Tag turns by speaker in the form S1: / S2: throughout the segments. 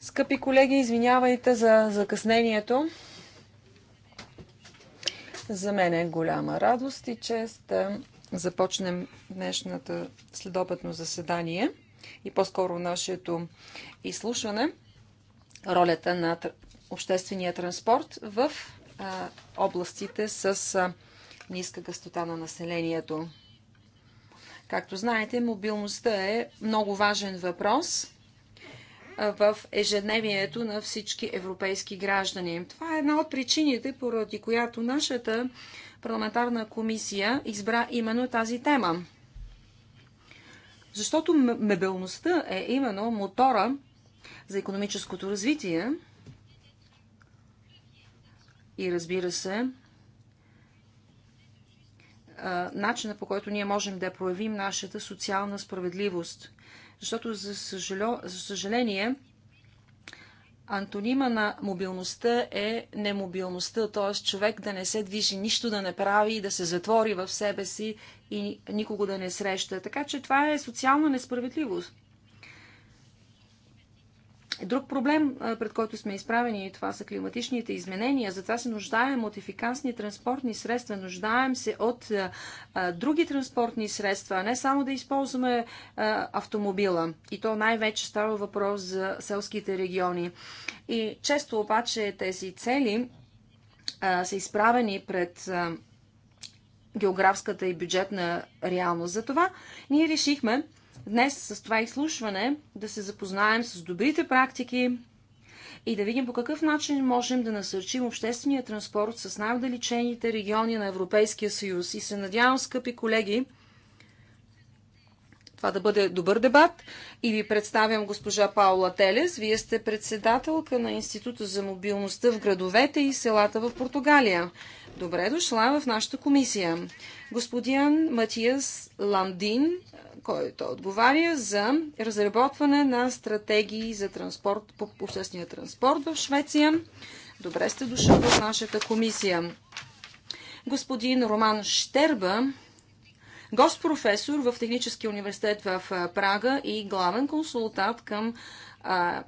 S1: Скъпи колеги, извинявайте за закъснението. За мен е голяма радост и чест да започнем днешната следобедно заседание и по-скоро нашето изслушване ролята на обществения транспорт в областите с ниска гъстота на населението. Както знаете, мобилността е много важен въпрос в ежедневието на всички европейски граждани. Това е една от причините, поради която нашата парламентарна комисия избра именно тази тема. Защото мебелността е именно мотора за економическото развитие и разбира се, начина по който ние можем да проявим нашата социална справедливост – защото, за, съжал... за съжаление, антонима на мобилността е немобилността, т.е. човек да не се движи, нищо да не прави, да се затвори в себе си и никого да не среща. Така че това е социална несправедливост. Друг проблем, пред който сме изправени, това са климатичните изменения. Затова се нуждаем от ефикасни транспортни средства, нуждаем се от а, а, други транспортни средства, а не само да използваме а, автомобила. И то най-вече става въпрос за селските региони. И често обаче тези цели са изправени пред географската и бюджетна реалност. Затова ние решихме днес с това изслушване да се запознаем с добрите практики и да видим по какъв начин можем да насърчим обществения транспорт с най-отдалечените региони на Европейския съюз. И се надявам, скъпи колеги, това да бъде добър дебат. И ви представям госпожа Паула Телес. Вие сте председателка на Института за мобилността в градовете и селата в Португалия. Добре дошла в нашата комисия. Господин Матиас Ландин, който отговаря за разработване на стратегии за транспорт, по обществения транспорт в Швеция. Добре сте дошъл в нашата комисия. Господин Роман Штерба, Гост професор в Техническия университет в Прага и главен консултант към а,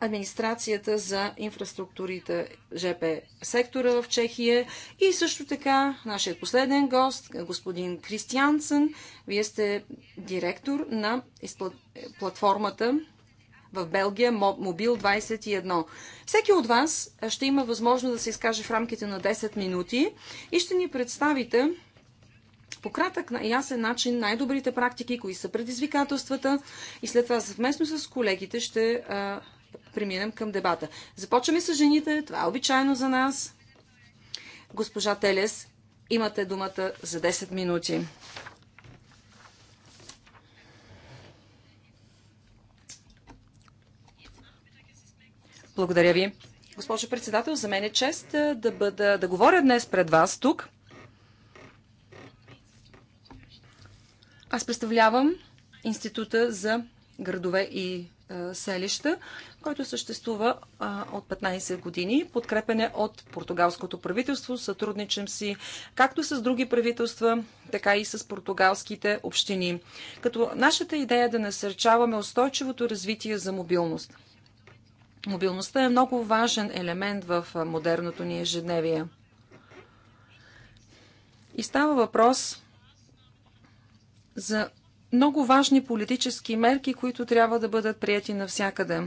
S1: администрацията за инфраструктурите ЖП сектора в Чехия. И също така нашият последен гост, господин Кристиансен, вие сте директор на платформата в Белгия Мобил 21. Всеки от вас ще има възможност да се изкаже в рамките на 10 минути и ще ни представите по кратък и ясен начин най-добрите практики, кои са предизвикателствата и след това съвместно с колегите ще а, преминем към дебата. Започваме с жените, това е обичайно за нас. Госпожа Телес, имате думата за 10 минути. Благодаря ви. Госпожо председател, за мен е чест да, бъда, да говоря днес пред вас тук. Аз представлявам Института за градове и е, селища, който съществува а, от 15 години. Подкрепене от португалското правителство. Сътрудничам си както с други правителства, така и с португалските общини. Като нашата идея е да насърчаваме устойчивото развитие за мобилност. Мобилността е много важен елемент в модерното ни ежедневие. И става въпрос за много важни политически мерки, които трябва да бъдат прияти навсякъде.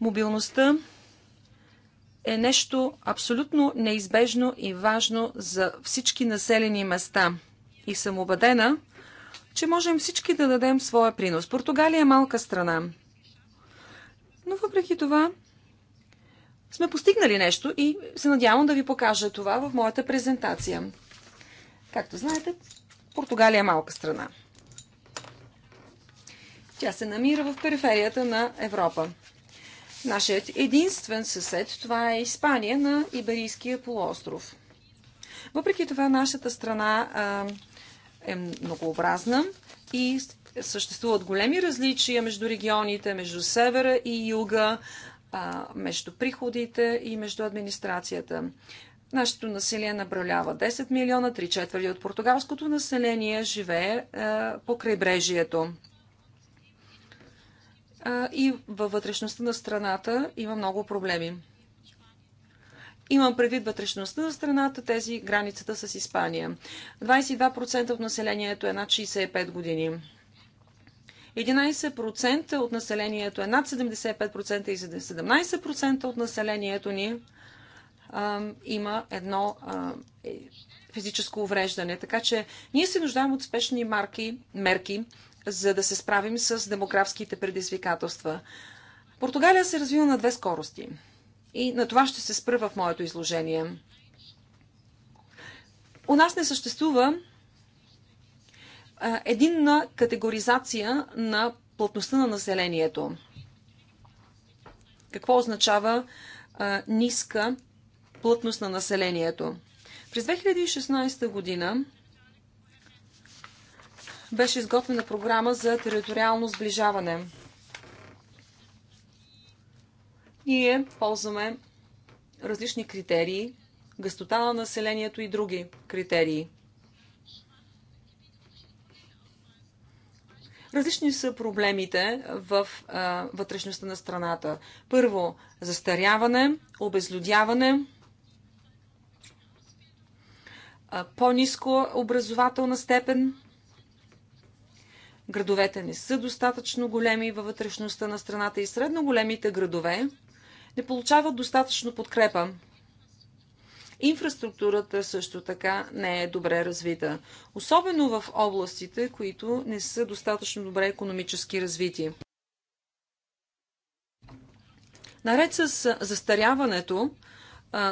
S1: Мобилността е нещо абсолютно неизбежно и важно за всички населени места. И съм убедена, че можем всички да дадем своя принос. Португалия е малка страна. Но въпреки това сме постигнали нещо и се надявам да ви покажа това в моята презентация. Както знаете, Португалия е малка страна. Тя се намира в периферията на Европа. Нашият единствен съсед това е Испания на Иберийския полуостров. Въпреки това, нашата страна а, е многообразна и съществуват големи различия между регионите, между севера и юга, а, между приходите и между администрацията. Нашето население набралява 10 милиона, 3 четвърти от португалското население живее а, е, по крайбрежието. А, и във вътрешността на страната има много проблеми. Имам предвид вътрешността на страната, тези границата с Испания. 22% от населението е над 65 години. 11% от населението е над 75% и 17% от населението ни има едно е, физическо увреждане. Така че ние се нуждаем от спешни марки, мерки, за да се справим с демографските предизвикателства. Португалия се развива на две скорости. И на това ще се спра в моето изложение. У нас не съществува единна категоризация на плътността на населението. Какво означава ниска плътност на населението. През 2016 година беше изготвена програма за териториално сближаване. Ние ползваме различни критерии, гъстота на населението и други критерии. Различни са проблемите в а, вътрешността на страната. Първо, застаряване, обезлюдяване, по-низко образователна степен. Градовете не са достатъчно големи във вътрешността на страната и средно големите градове не получават достатъчно подкрепа. Инфраструктурата също така не е добре развита, особено в областите, които не са достатъчно добре економически развити. Наред с застаряването,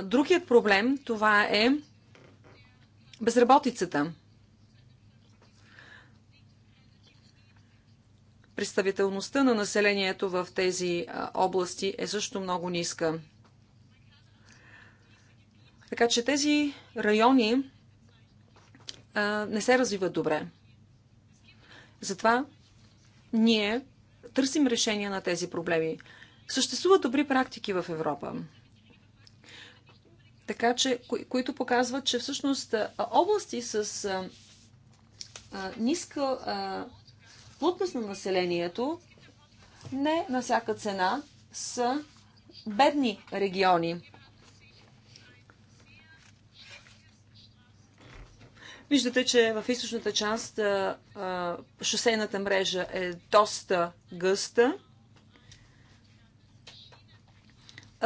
S1: другият проблем това е Безработицата. Представителността на населението в тези области е също много ниска. Така че тези райони а, не се развиват добре. Затова ние търсим решение на тези проблеми. Съществуват добри практики в Европа. Така че, кои, които показват, че всъщност области с а, а, ниска а, плътност на населението не на всяка цена са бедни региони. Виждате, че в източната част а, шосейната мрежа е доста гъста.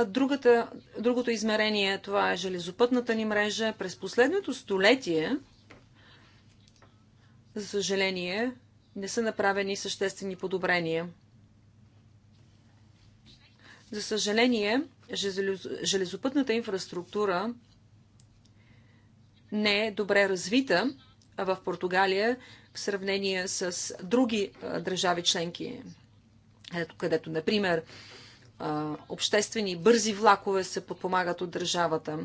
S1: Другата, другото измерение, това е железопътната ни мрежа. През последното столетие, за съжаление, не са направени съществени подобрения. За съжаление, железопътната инфраструктура не е добре развита в Португалия в сравнение с други държави членки, където, например, обществени бързи влакове се подпомагат от държавата.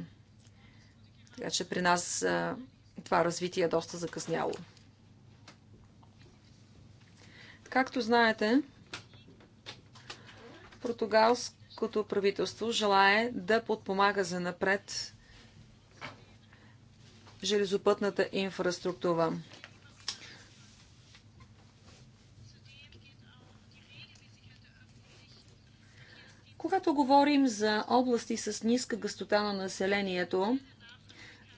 S1: Така че при нас това развитие е доста закъсняло. Както знаете, португалското правителство желае да подпомага за напред железопътната инфраструктура. Когато говорим за области с ниска гъстота на населението,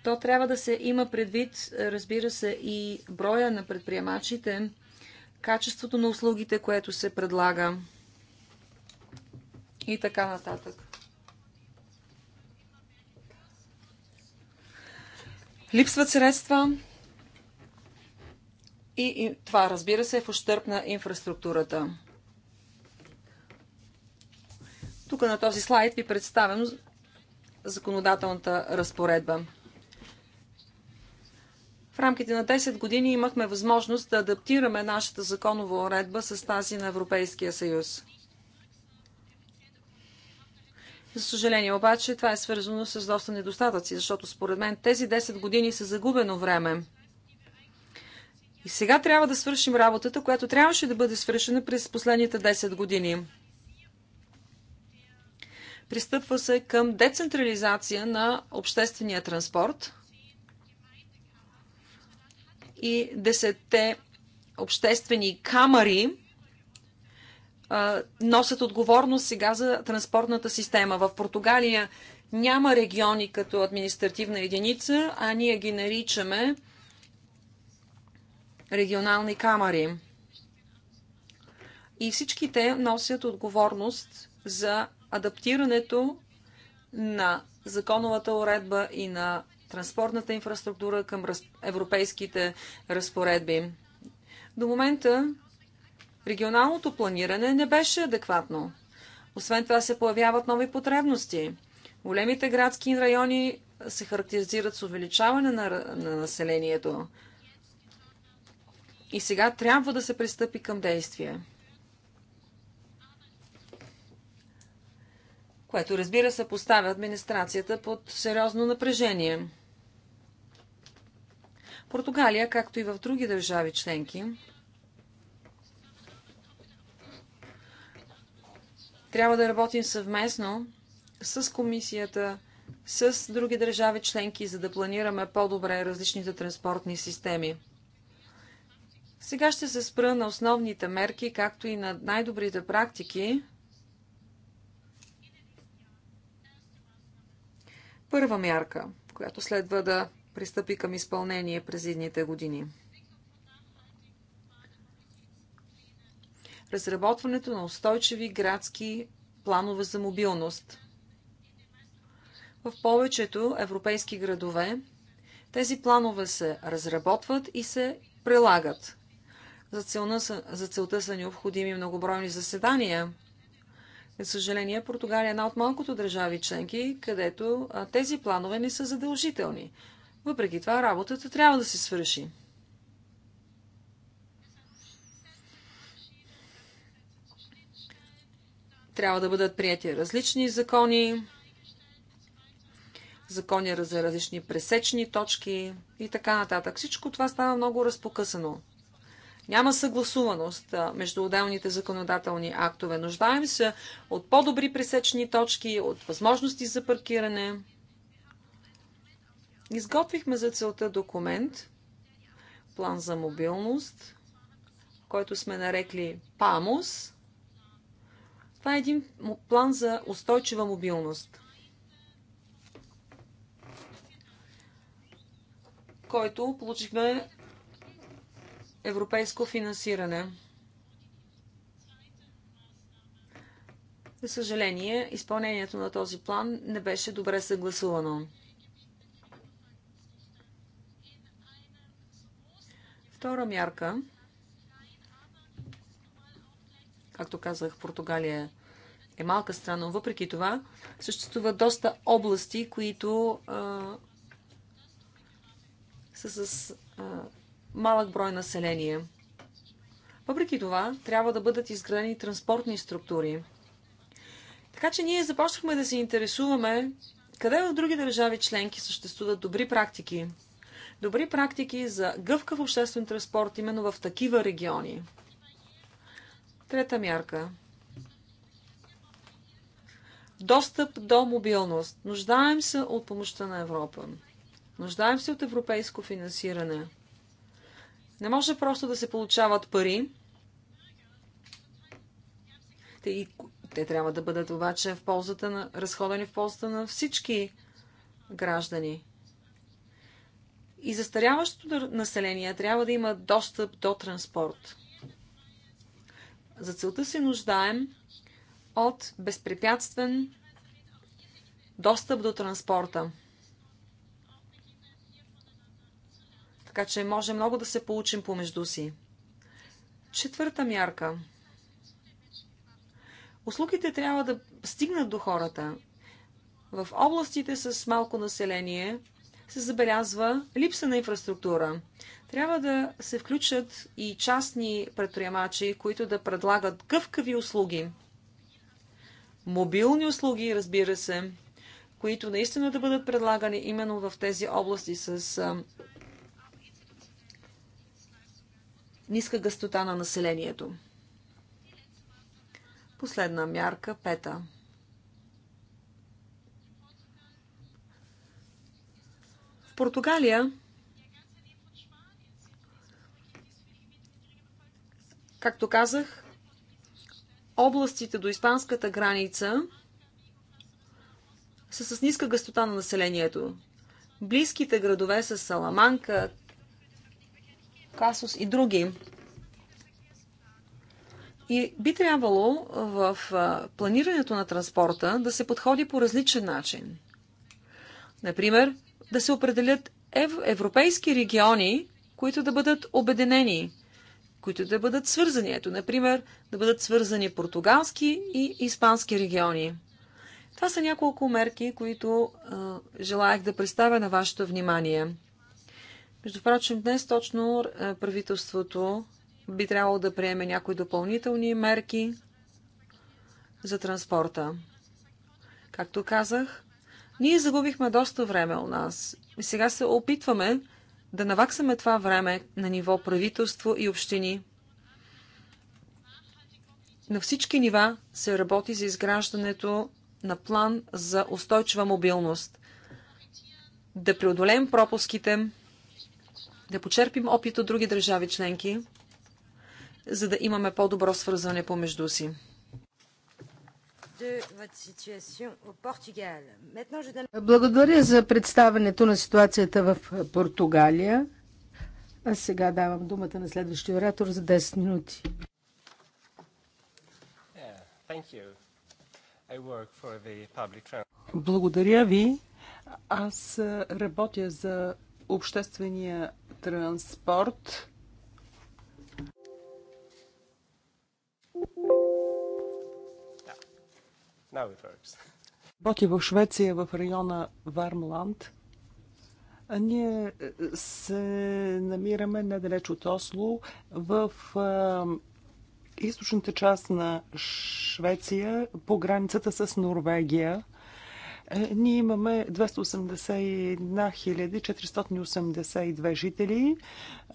S1: то трябва да се има предвид, разбира се, и броя на предприемачите, качеството на услугите, което се предлага и така нататък. Липсват средства и, и това, разбира се, е в ущърп на инфраструктурата. Тук на този слайд ви представям законодателната разпоредба. В рамките на 10 години имахме възможност да адаптираме нашата законова уредба с тази на Европейския съюз. За съжаление обаче това е свързано с доста недостатъци, защото според мен тези 10 години са загубено време. И сега трябва да свършим работата, която трябваше да бъде свършена през последните 10 години. Пристъпва се към децентрализация на обществения транспорт и десетте обществени камери носят отговорност сега за транспортната система. В Португалия няма региони като административна единица, а ние ги наричаме регионални камери. И всички те носят отговорност за адаптирането на законовата уредба и на транспортната инфраструктура към европейските разпоредби. До момента регионалното планиране не беше адекватно. Освен това се появяват нови потребности. Големите градски райони се характеризират с увеличаване на, на населението. И сега трябва да се пристъпи към действие. което разбира се поставя администрацията под сериозно напрежение. Португалия, както и в други държави членки, трябва да работим съвместно с комисията, с други държави членки, за да планираме по-добре различните транспортни системи. Сега ще се спра на основните мерки, както и на най-добрите практики, първа мярка, която следва да пристъпи към изпълнение през едните години. Разработването на устойчиви градски планове за мобилност. В повечето европейски градове тези планове се разработват и се прилагат. За, целта са, за целта са необходими многобройни заседания за съжаление, Португалия е една от малкото държави членки, където тези планове не са задължителни. Въпреки това, работата трябва да се свърши. Трябва да бъдат прияти различни закони, закони за различни пресечни точки и така нататък. Всичко това става много разпокъсано. Няма съгласуваност между отделните законодателни актове. Нуждаем се от по-добри пресечни точки, от възможности за паркиране. Изготвихме за целта документ, план за мобилност, който сме нарекли ПАМОС. Това е един план за устойчива мобилност, който получихме европейско финансиране. За съжаление, изпълнението на този план не беше добре съгласувано. Втора мярка, както казах, Португалия е малка страна, но въпреки това съществува доста области, които а, са с а, малък брой население. Въпреки това, трябва да бъдат изградени транспортни структури. Така че ние започнахме да се интересуваме къде в други държави членки съществуват добри практики. Добри практики за гъвкав обществен транспорт именно в такива региони. Трета мярка. Достъп до мобилност. Нуждаем се от помощта на Европа. Нуждаем се от европейско финансиране – не може просто да се получават пари. Те, и, те трябва да бъдат обаче в ползата на, разходени в ползата на всички граждани. И застаряващото население трябва да има достъп до транспорт. За целта се нуждаем от безпрепятствен достъп до транспорта. Така че може много да се получим помежду си. Четвърта мярка. Услугите трябва да стигнат до хората. В областите с малко население се забелязва липса на инфраструктура. Трябва да се включат и частни предприемачи, които да предлагат гъвкави услуги. Мобилни услуги, разбира се, които наистина да бъдат предлагани именно в тези области с ниска гъстота на населението. Последна мярка, пета. В Португалия както казах, областите до испанската граница са с ниска гъстота на населението. Близките градове са Саламанка, Касус и други. И би трябвало в планирането на транспорта да се подходи по различен начин. Например, да се определят ев- европейски региони, които да бъдат обединени, които да бъдат свързани. Ето, например, да бъдат свързани португалски и испански региони. Това са няколко мерки, които а, желаях да представя на вашето внимание. Между прочим, днес точно е, правителството би трябвало да приеме някои допълнителни мерки за транспорта. Както казах, ние загубихме доста време у нас. И сега се опитваме да наваксаме това време на ниво правителство и общини. На всички нива се работи за изграждането на план за устойчива мобилност. Да преодолеем пропуските, да почерпим опит от други държави членки, за да имаме
S2: по-добро свързване помежду си.
S3: Благодаря
S2: за представенето на ситуацията в Португалия. А сега давам думата на следващия оратор за 10 минути.
S4: Благодаря ви. Аз работя за обществения транспорт. Работи в Швеция, в района Вармланд. ние е, се намираме недалеч от Осло, в е, източната част на Швеция, по границата с Норвегия. Е, ние имаме 281 482 жители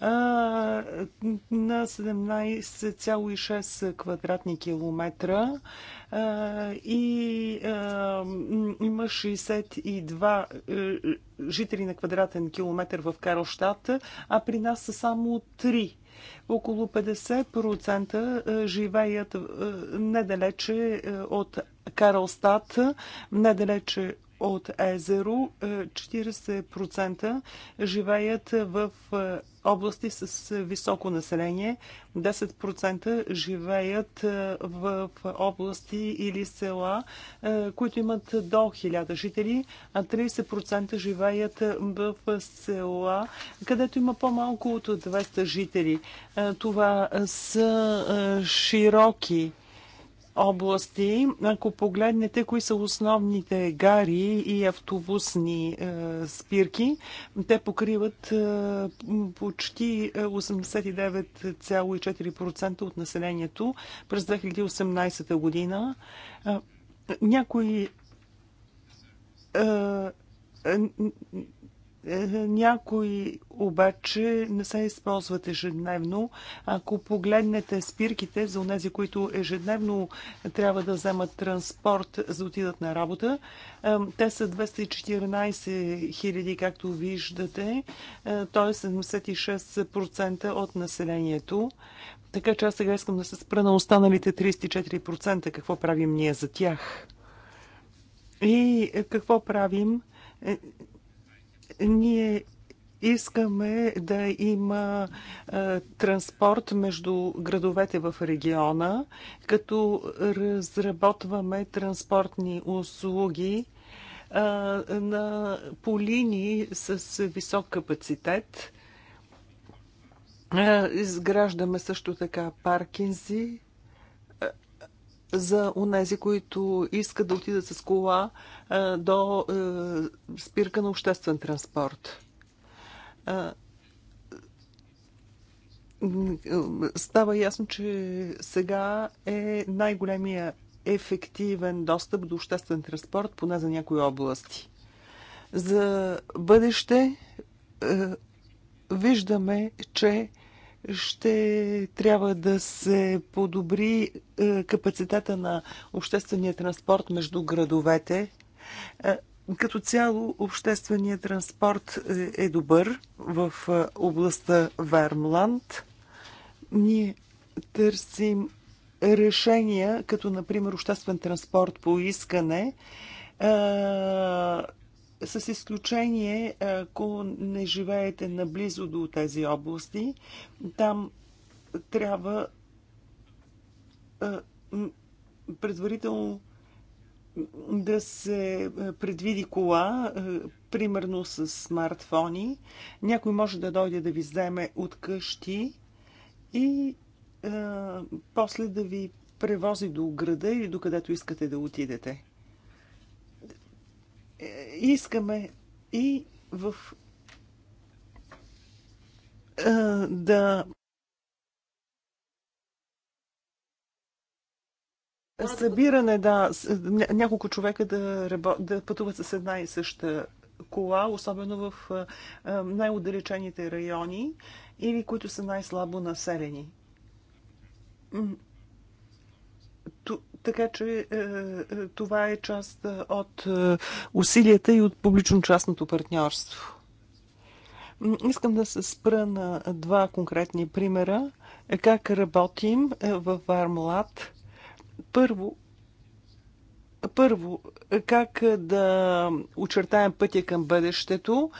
S4: на 17,6 квадратни километра и има 62 е, жители на квадратен километр в Карлштадт, а при нас са само 3. Около 50% е, живеят недалече от Карлстат, недалече от езеро, 40% е, живеят в е, области с високо население, 10% живеят е, в области или села, които имат до 1000 жители, а 30% живеят в села, където има по-малко от 200 жители. Това са широки области, ако погледнете кои са основните гари и автобусни е, спирки, те покриват е, почти 89,4% е, от населението през 2018 година. Е, някои е, е, е, някои обаче не се използват ежедневно. Ако погледнете спирките за тези, които ежедневно трябва да вземат транспорт за да отидат на работа, е, те са 214 000, както виждате, е, т.е. 76% от населението. Така че аз сега искам да се спра на останалите 34%. Какво правим ние за тях? И какво правим? Ние искаме да има а, транспорт между градовете в региона, като разработваме транспортни услуги а, на, по линии с висок капацитет. А, изграждаме също така паркинзи за онези, които искат да отидат с кола е, до е, спирка на обществен транспорт е, става ясно, че сега е най-големия ефективен достъп до обществен транспорт, поне за някои области. За бъдеще виждаме, че ще трябва да се подобри е, капацитета на обществения транспорт между градовете. Е, като цяло, общественият транспорт е, е добър в областта Вермланд. Ние търсим решения, като например обществен транспорт по искане с изключение, е, ако не живеете наблизо до тези области, там трябва е, предварително да се е, предвиди кола, примерно с смартфони. Някой може да дойде да ви вземе от къщи и после да ви превози до града или до където искате да отидете искаме и в да Събиране, да. Няколко човека да, да пътуват с една и съща кола, особено в най-отдалечените райони или които са най-слабо населени. Така че е, е, това е част е, от усилията и от публично-частното партньорство. Искам да се спра на два конкретни примера. Как работим в Вармлад? Първо, първо, как да очертаем пътя към бъдещето.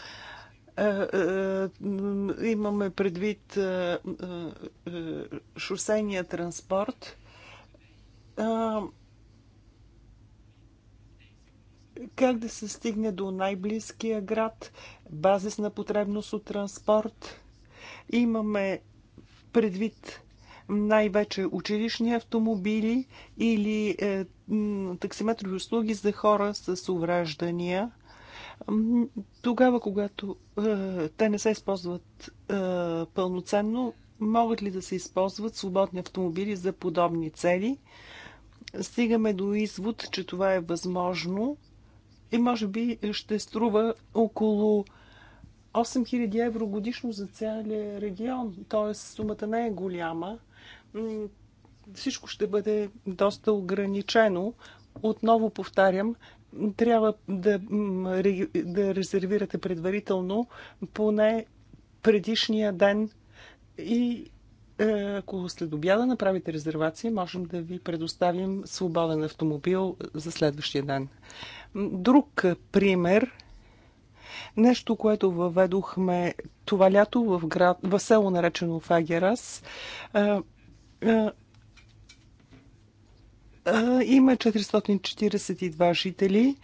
S4: Имаме предвид шосейния транспорт – как да се стигне до най-близкия град, базисна потребност от транспорт. Имаме предвид най-вече училищни автомобили или е, таксиметрови услуги за хора с увреждания. Тогава, когато е, те не се използват е, пълноценно, могат ли да се използват свободни автомобили за подобни цели? Е, стигаме до извод, че това е възможно и може би ще струва около 8000 евро годишно за целия регион. Т.е. сумата не е голяма. Всичко ще бъде доста ограничено. Отново повтарям, трябва да, да резервирате предварително поне предишния ден и ако след обяда направите резервация, можем да ви предоставим свободен автомобил за следващия ден. Друг пример Нещо, което въведохме това лято в, град, в село наречено Фагерас. има 442 жители,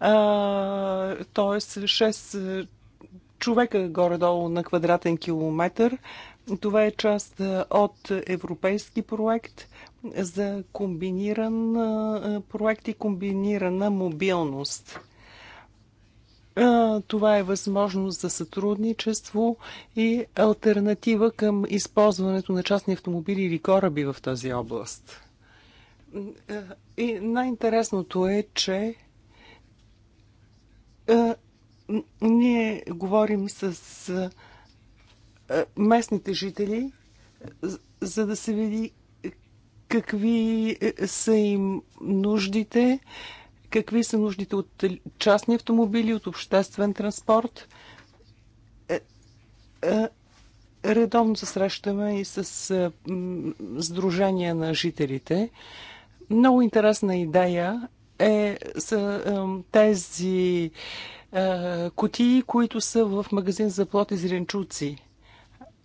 S4: т.е. 6 човека горе-долу на квадратен километр. Това е част от европейски проект за комбиниран проект и комбинирана мобилност. Това е възможност за сътрудничество и альтернатива към използването на частни автомобили или кораби в тази област. И най-интересното е, че ние говорим с е, местните жители, за да се види какви е, са им нуждите, какви са нуждите от частни автомобили, от обществен транспорт. Е, редовно се срещаме и с Сдружения на жителите. Много интересна идея е, са тези кутии, които са в магазин за плод и зеленчуци.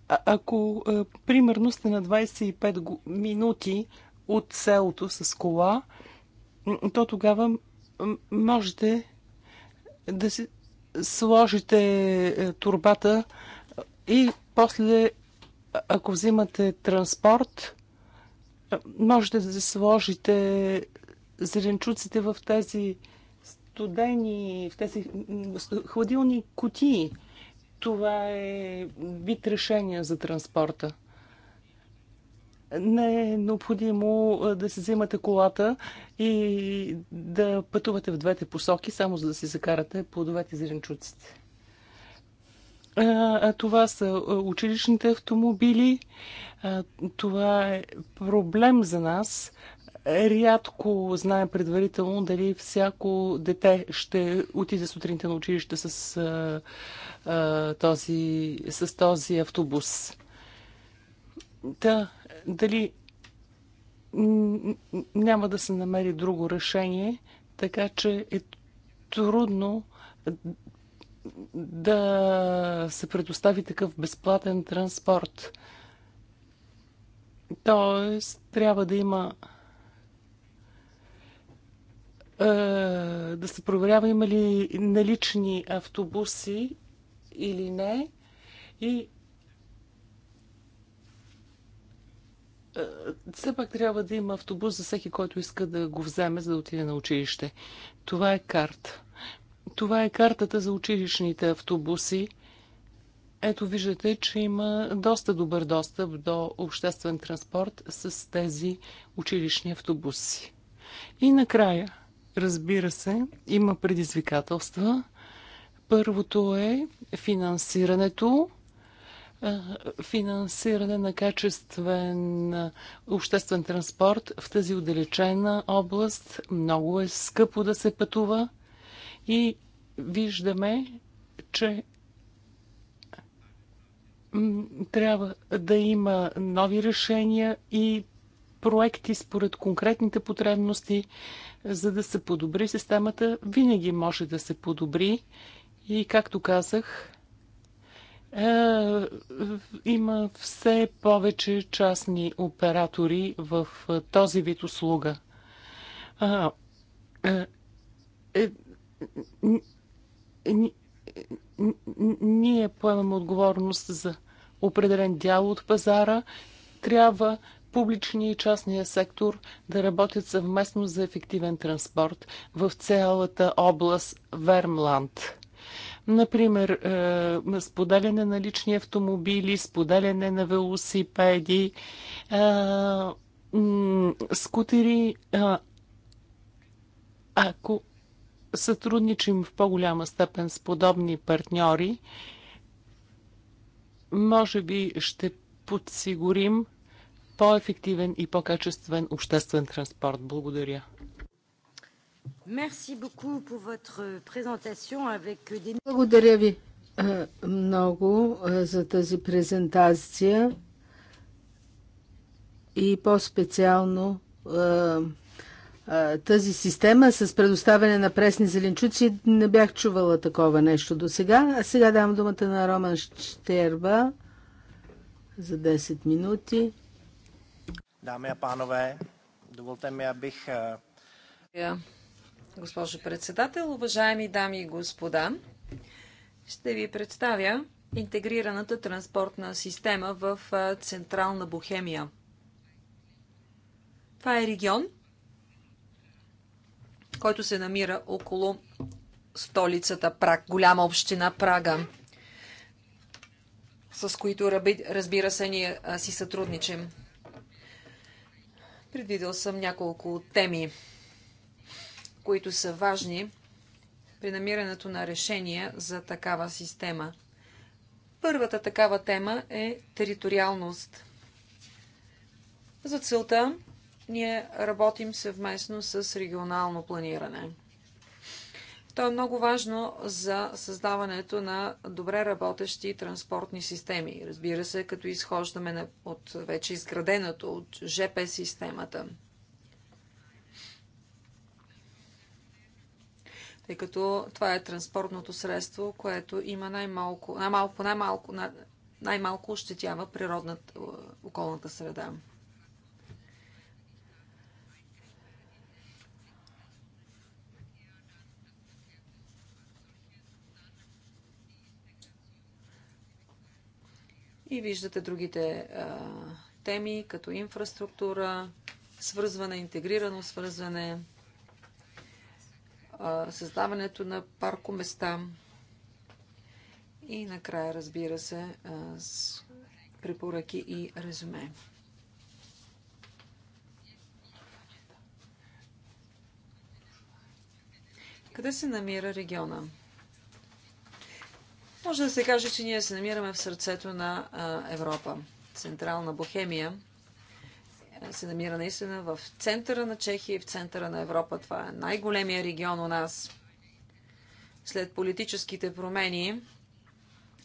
S4: А ако а, примерно сте на 25 минути от селото с кола, то тогава можете да си сложите е, турбата и после, ако взимате транспорт, можете да сложите зеленчуците в тези студени, в тези хладилни кутии. Това е вид решение за транспорта. Не е необходимо да си вземате колата и да пътувате в двете посоки, само за да си закарате плодовете и зеленчуците. А, това са училищните автомобили. А, това е проблем за нас, е, рядко знаем предварително дали всяко дете ще отиде сутринта на училище с, а, а, този, с този автобус. Та, дали няма да се намери друго решение, така че е трудно да се предостави такъв безплатен транспорт. Тоест, трябва да има е, да се проверява има ли налични автобуси или не. И е, все пак трябва да има автобус за всеки, който иска да го вземе, за да отиде на училище. Това е карта. Това е картата за училищните автобуси. Ето виждате, че има доста добър достъп до обществен транспорт с тези училищни автобуси. И накрая, Разбира се, има предизвикателства. Първото е финансирането, е, финансиране на качествен е, обществен транспорт в тази отдалечена област. Много е скъпо да се пътува и виждаме, че трябва да има нови решения и проекти според конкретните потребности, за да се подобри системата. Винаги може да се подобри и, както казах, е, има все повече частни оператори в е, този вид услуга. А, е, е ние поемаме отговорност за определен дял от пазара. Трябва публичния и частния сектор да работят съвместно за ефективен транспорт в цялата област Вермланд. Например, е, споделяне на лични автомобили, споделяне на велосипеди, е, скутери. Е, ако сътрудничим в по-голяма степен с подобни партньори, може би ще подсигурим по-ефективен и по-качествен обществен транспорт. Благодаря.
S2: Благодаря ви много за тази презентация и по-специално тази система с предоставяне на пресни зеленчуци. Не бях чувала такова нещо до сега. А сега давам думата на Роман Штерба за 10 минути.
S1: Дами и панове, доволте ми, абих... Госпожо председател, уважаеми дами и господа, ще ви представя интегрираната транспортна система в е, Централна Бохемия. Това е регион, който се намира около столицата Праг, голяма община Прага, с които, разбира се, ние си сътрудничим. Предвидил съм няколко теми, които са важни при намирането на решения за такава система. Първата такава тема е териториалност. За целта ние работим съвместно с регионално планиране – то е много важно за създаването на добре работещи транспортни системи. Разбира се, като изхождаме от вече изграденото от ЖП системата. Тъй като това е транспортното средство, което има най-малко, най-малко, най-малко, най-малко ощетява природната е, околната среда. И виждате другите а, теми, като инфраструктура, свързване, интегрирано свързване, а, създаването на паркоместа и накрая, разбира се, а, с препоръки и резюме. Къде се намира региона? Може да се каже, че ние се намираме в сърцето на Европа. Централна Бохемия се намира наистина в центъра на Чехия и в центъра на Европа. Това е най-големия регион у нас. След политическите промени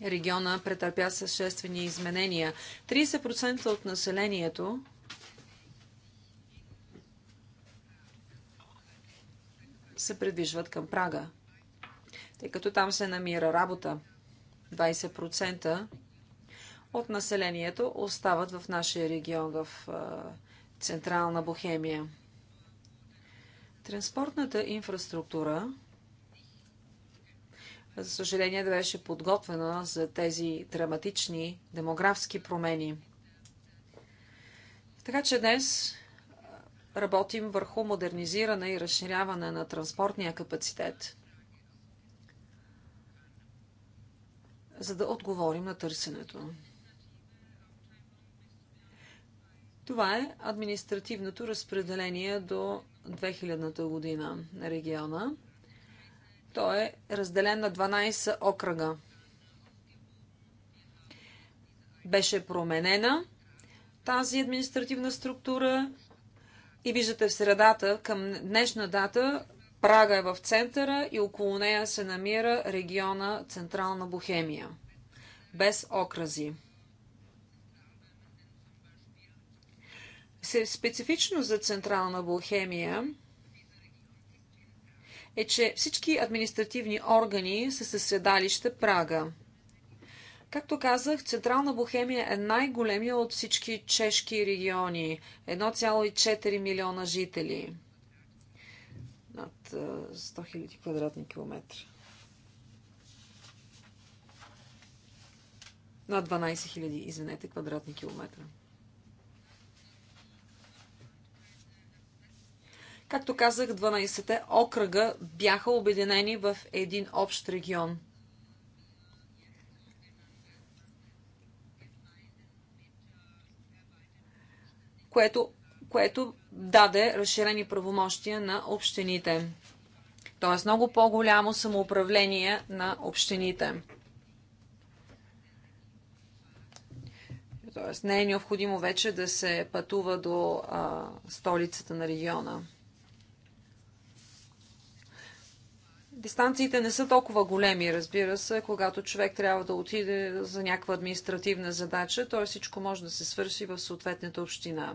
S1: региона претърпя съществени изменения. 30% от населението се придвижват към Прага, тъй като там се намира работа. 20% от населението остават в нашия регион, в Централна Бохемия. Транспортната инфраструктура, за съжаление, да беше подготвена за тези драматични демографски промени. Така че днес работим върху модернизиране и разширяване на транспортния капацитет – за да отговорим на търсенето. Това е административното разпределение до 2000-та година на региона. Той е разделен на 12 окръга. Беше променена тази административна структура и виждате в средата към днешна дата Прага е в центъра и около нея се намира региона Централна Бохемия, без окрази. Специфично за Централна Бохемия е, че всички административни органи са със седалище Прага. Както казах, Централна Бохемия е най-големия от всички чешки региони 1,4 милиона жители над 100 000 квадратни километра. Над 12 000, извинете, квадратни километра. Както казах, 12-те окръга бяха обединени в един общ регион. Което, което даде разширени правомощия на общините. Тоест много по-голямо самоуправление на общините. Тоест не е необходимо вече да се пътува до а, столицата на региона. дистанциите не са толкова големи, разбира се, когато човек трябва да отиде за някаква административна задача, т.е. всичко може да се свърши в съответната община.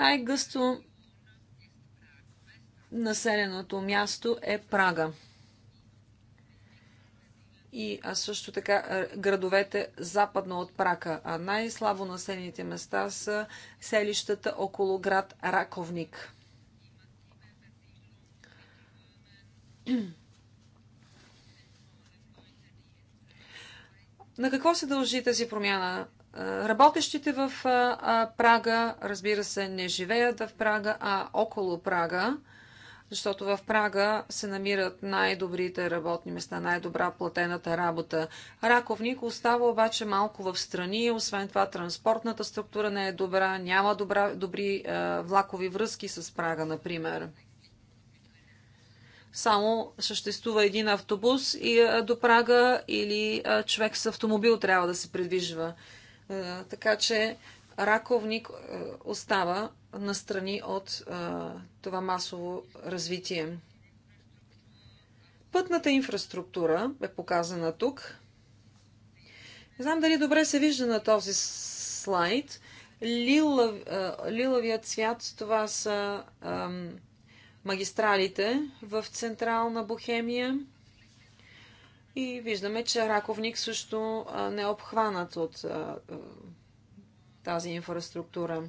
S1: Най-гъсто населеното място е Прага. И а също така е, градовете западно от Прака. А най-слабо населените места са селищата около град Раковник. На какво се дължи тази промяна Работещите в Прага, разбира се, не живеят в Прага, а около Прага, защото в Прага се намират най-добрите работни места, най-добра платената работа. Раковник остава обаче малко в страни, освен това транспортната структура не е добра, няма добра, добри е, влакови връзки с Прага, например. Само съществува един автобус и, е, до Прага или е, човек с автомобил трябва да се придвижва. Е, така че раковник е, остава настрани от е, това масово развитие. Пътната инфраструктура е показана тук. Не знам дали добре се вижда на този слайд. Лилав, лилавият цвят, това са магистралите в Централна Бохемия. И виждаме, че Раковник също не е обхванат от тази инфраструктура.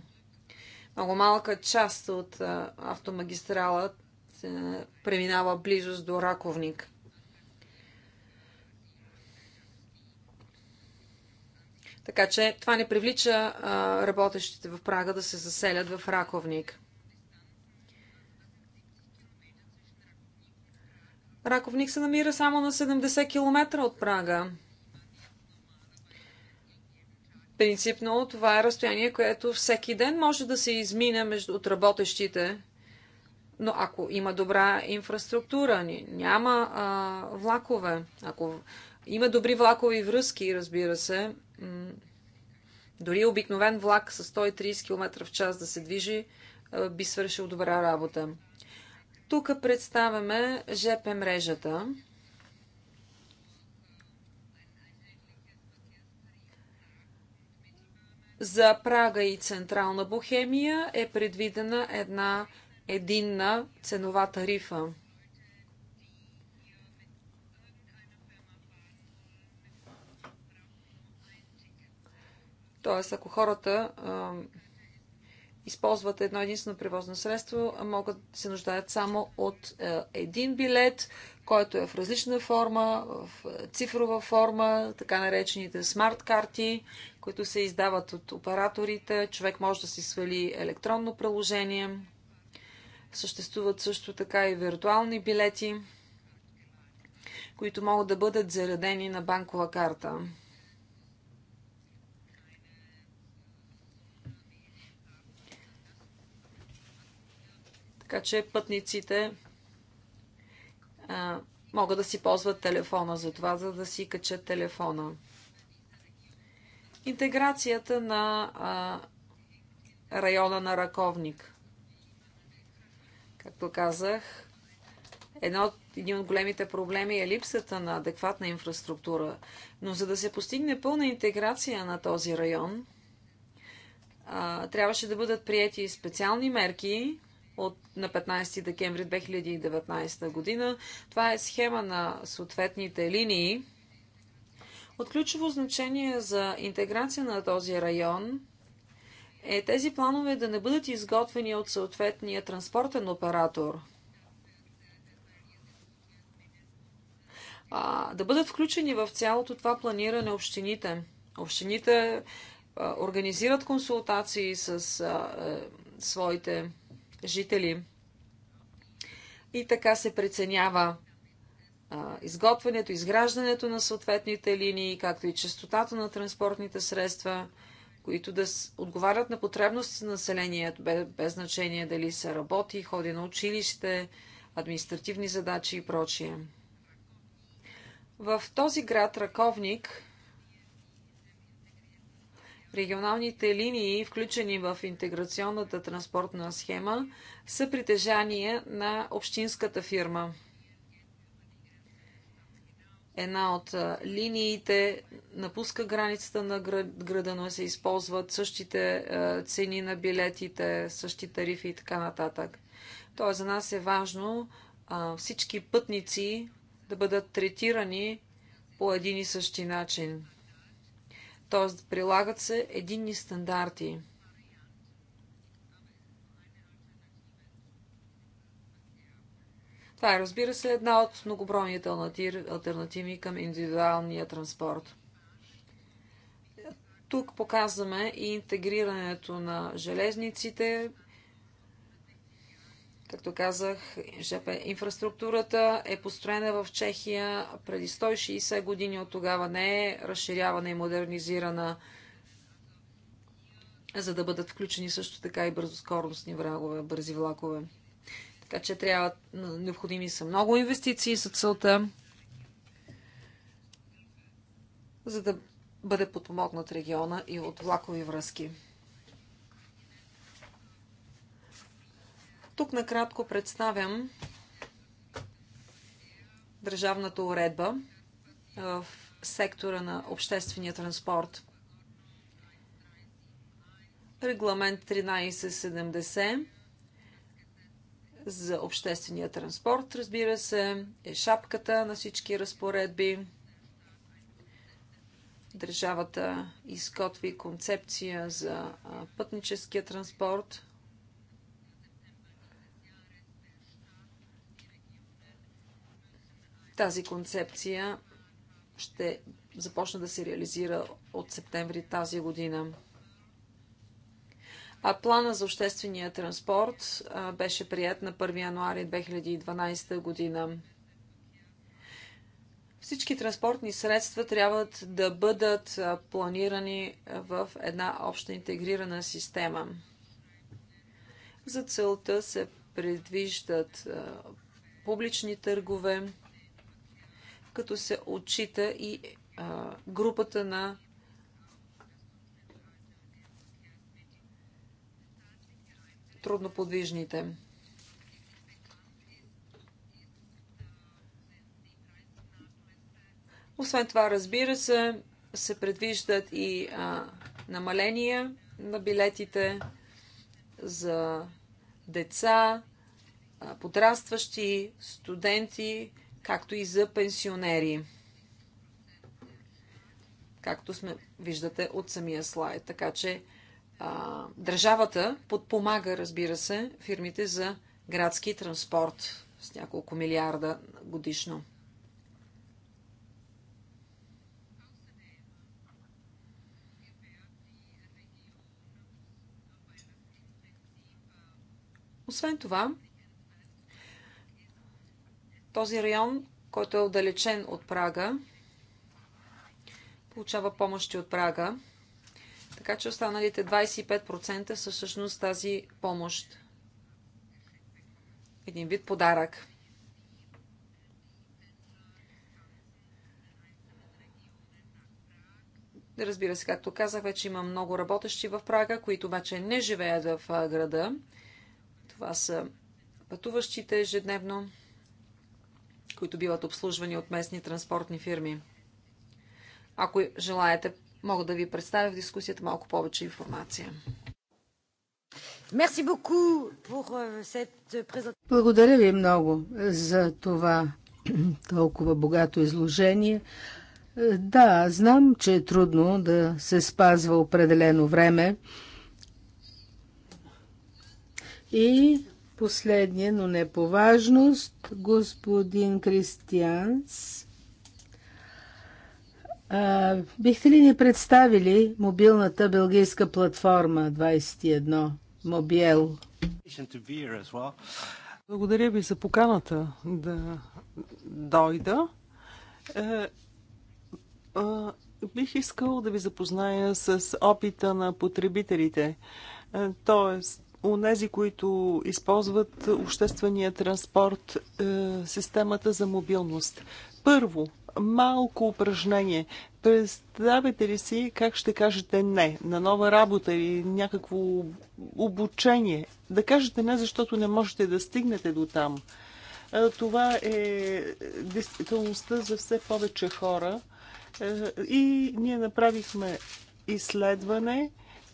S1: Много малка част от автомагистрала преминава близост до Раковник. Така че това не привлича а, работещите в Прага да се заселят в Раковник. Раковник се намира само на 70 км от Прага. Принципно това е разстояние, което всеки ден може да се измине между от работещите. Но ако има добра инфраструктура, няма а, влакове, ако има добри влакови връзки, разбира се, дори обикновен влак с 130 км в час да се движи, би свършил добра работа. Тук представяме ЖП мрежата. За Прага и Централна Бохемия е предвидена една единна ценова тарифа. Тоест, ако хората използват едно единствено превозно средство, могат да се нуждаят само от е, един билет, който е в различна форма, в е, цифрова форма, така наречените смарт карти, които се издават от операторите. Човек може да си свали електронно приложение. Съществуват също така и виртуални билети, които могат да бъдат заредени на банкова карта. Така че пътниците а, могат да си ползват телефона за това, за да си качат телефона. Интеграцията на а, района на Раковник. Както казах, едно от, един от големите проблеми е липсата на адекватна инфраструктура. Но за да се постигне пълна интеграция на този район, а, трябваше да бъдат приети специални мерки, от, на 15 декември 2019 година. Това е схема на съответните линии. От ключово значение за интеграция на този район е тези планове да не бъдат изготвени от съответния транспортен оператор, а, да бъдат включени в цялото това планиране общините. Общините а, организират консултации с а, а, е, своите жители. И така се преценява изготвянето, изграждането на съответните линии, както и частотата на транспортните средства, които да отговарят на потребностите на населението, без значение дали се работи, ходи на училище, административни задачи и прочие. В този град Раковник Регионалните линии, включени в интеграционната транспортна схема, са притежание на общинската фирма. Една от линиите напуска границата на града, но се използват същите цени на билетите, същи тарифи и така нататък. Тоест за нас е важно всички пътници да бъдат третирани по един и същи начин. Тоест, прилагат се единни стандарти. Това е, разбира се, една от многобройните альтернативи към индивидуалния транспорт. Тук показваме и интегрирането на железниците, Както казах, ЖП инфраструктурата е построена в Чехия преди 160 години. От тогава не е разширявана и модернизирана, за да бъдат включени също така и бързоскоростни врагове, бързи влакове. Така че трябва, необходими са много инвестиции за целта, за да бъде подпомогнат региона и от влакови връзки. Тук накратко представям държавната уредба в сектора на обществения транспорт. Регламент 1370 за обществения транспорт, разбира се, е шапката на всички разпоредби. Държавата изготви концепция за пътническия транспорт Тази концепция ще започне да се реализира от септември тази година. А плана за обществения транспорт беше прият на 1 януари 2012 година. Всички транспортни средства трябва да бъдат планирани в една обща интегрирана система. За целта се предвиждат публични търгове, като се отчита и а, групата на трудноподвижните. Освен това, разбира се, се предвиждат и а, намаления на билетите за деца, подрастващи, студенти, както и за пенсионери. Както сме, виждате от самия слайд. Така че а, държавата подпомага, разбира се, фирмите за градски транспорт с няколко милиарда годишно. Освен това, този район, който е отдалечен от Прага, получава помощи от Прага. Така че останалите 25% са всъщност тази помощ. Един вид подарък. Разбира се, както казах, вече има много работещи в Прага, които обаче не живеят в града. Това са пътуващите ежедневно които биват обслужвани от местни транспортни фирми. Ако желаете, мога да ви представя в дискусията малко повече информация.
S3: Euh,
S2: Благодаря ви много за това толкова богато изложение. Да, знам, че е трудно да се спазва определено време. И Последния, но не по важност, господин Кристианс. А, бихте ли ни представили мобилната белгийска платформа 21, Мобиел? Благодаря ви за поканата да
S4: дойда. Е, е, бих искал да ви запозная с опита на потребителите. Е, тоест, онези, които използват обществения транспорт, е, системата за мобилност. Първо, малко упражнение. Представете ли си как ще кажете не на нова работа или някакво обучение? Да кажете не, защото не можете да стигнете до там. Е, това е действителността за все повече хора. Е, и ние направихме изследване